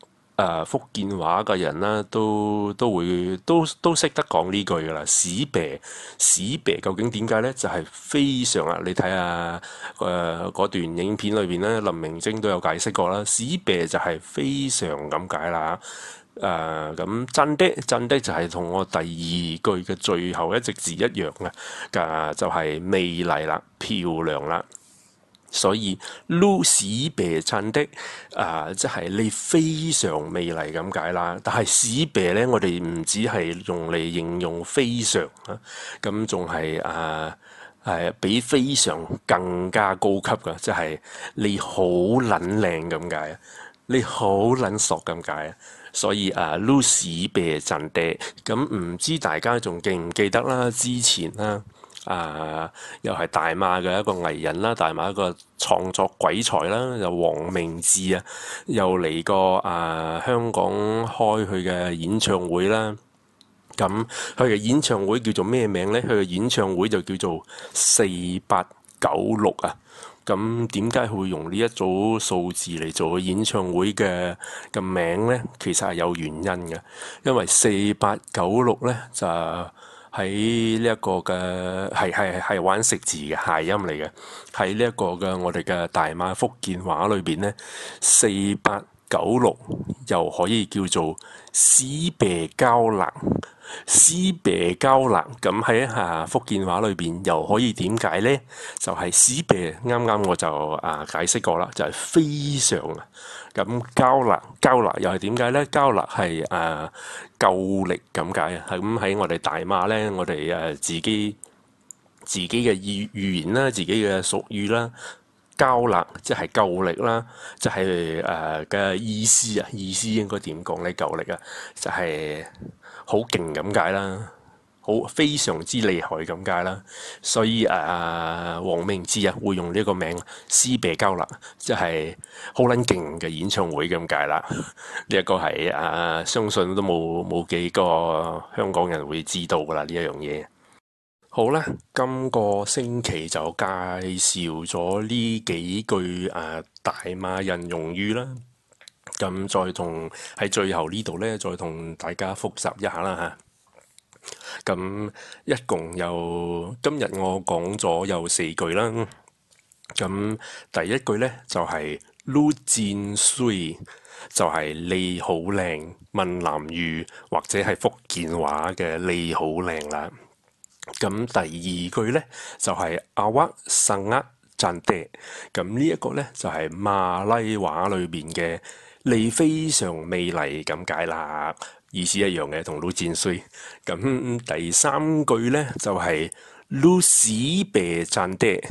呃、福建話嘅人咧，都都會都都識得講呢句噶啦。屎病屎病究竟點解呢？就係、是、非常啊！你睇下誒嗰段影片裏邊咧，林明晶都有解釋過啦。屎病就係非常咁解啦嚇。誒、呃、咁真的真的就係同我第二句嘅最後一隻字一樣嘅、啊，就係、是、美麗啦、漂亮啦。所以 Lucy 爸襯的啊，即係你非常美麗咁解啦。但係屎爸咧，我哋唔止係用嚟形容非常啊，咁仲係啊係、啊、比非常更加高級嘅，即係你好撚靚咁解啊，你好撚索咁解啊。所以 Luc 啊，Lucy 爸襯爹，咁唔知大家仲記唔記得啦？之前啦。啊！又係大馬嘅一個藝人啦，大馬一個創作鬼才啦，又黃明志啊，又嚟過啊香港開佢嘅演唱會啦。咁佢嘅演唱會叫做咩名咧？佢嘅演唱會就叫做四八九六啊。咁點解會用呢一組數字嚟做個演唱會嘅嘅名咧？其實係有原因嘅，因為四八九六咧就，喺呢一個嘅係係係玩食字嘅諧音嚟嘅，喺呢一個嘅我哋嘅大馬福建話裏邊咧，四八九六又可以叫做屎鼻膠辣。屎爸交辣，咁喺啊福建話裏邊又可以點解呢？就係屎爸，啱啱我就啊解釋過啦，就係、是、非常啊。咁交辣，交辣又係點解呢？交辣係誒舊力咁解啊。係咁喺我哋大馬呢，我哋誒自己自己嘅語語言啦，自己嘅俗語啦，交辣即係舊力啦，即係誒嘅意思啊，意思應該點講呢？舊力啊，就係、是。好勁咁解啦，好非常之厲害咁解啦，所以誒黃、啊、明志啊會用呢個名撕別交勒，即係好撚勁嘅演唱會咁解啦。呢 一個係誒、啊、相信都冇冇幾個香港人會知道噶啦呢一樣嘢。好啦，今個星期就介紹咗呢幾句誒、啊、大馬人用語啦。咁再同喺最後呢度咧，再同大家複習一下啦嚇。咁一共又今日我講咗有四句啦。咁第一句咧就係 Loo Jin Si，就係你好靚，閩南語或者係福建話嘅你好靚啦。咁第二句咧就係 Ah Wah San Ah Zan Dee，咁呢一個咧就係馬拉話裏邊嘅。你非常美麗咁解啦，意思一樣嘅，同擼戰衰。咁第三句咧就係擼屎鼻贊爹，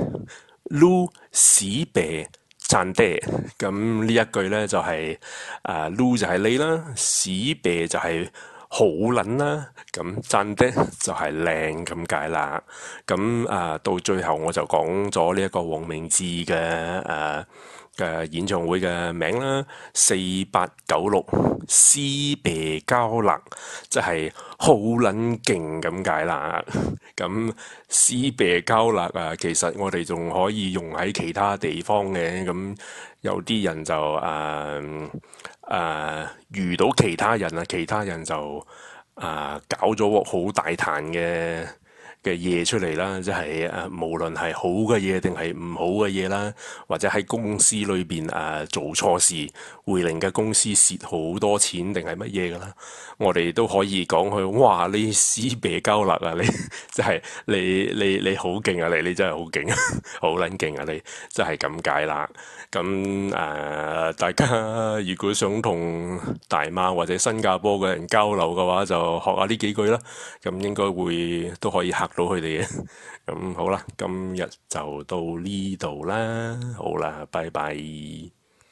擼屎鼻贊爹。咁呢一句咧就係啊，擼就係你啦，屎鼻就係好撚啦，咁贊爹就係靚咁解啦。咁啊到最後我就講咗呢一個黃明志嘅，誒。啊嘅、呃、演唱會嘅名啦，四八九六撕別交肋，即係好撚勁咁解啦。咁、嗯、撕別交肋啊，其實我哋仲可以用喺其他地方嘅。咁、嗯、有啲人就誒誒、呃呃、遇到其他人啊，其他人就誒、呃、搞咗好大壇嘅嘅嘢出嚟啦，即係，誒，無論係好嘅嘢定係唔好嘅嘢啦，或者喺公司裏邊誒做錯事，會令間公司蝕好多錢定係乜嘢噶啦，我哋都可以講佢，哇！你撕別交辣啊！你即係，你你你，你好勁啊！你你真係好勁啊，好撚勁啊！你真係咁解啦～咁誒、呃，大家如果想同大馬或者新加坡嘅人交流嘅話，就學下呢幾句啦。咁應該會都可以嚇到佢哋嘅。咁 好啦，今日就到呢度啦。好啦，拜拜。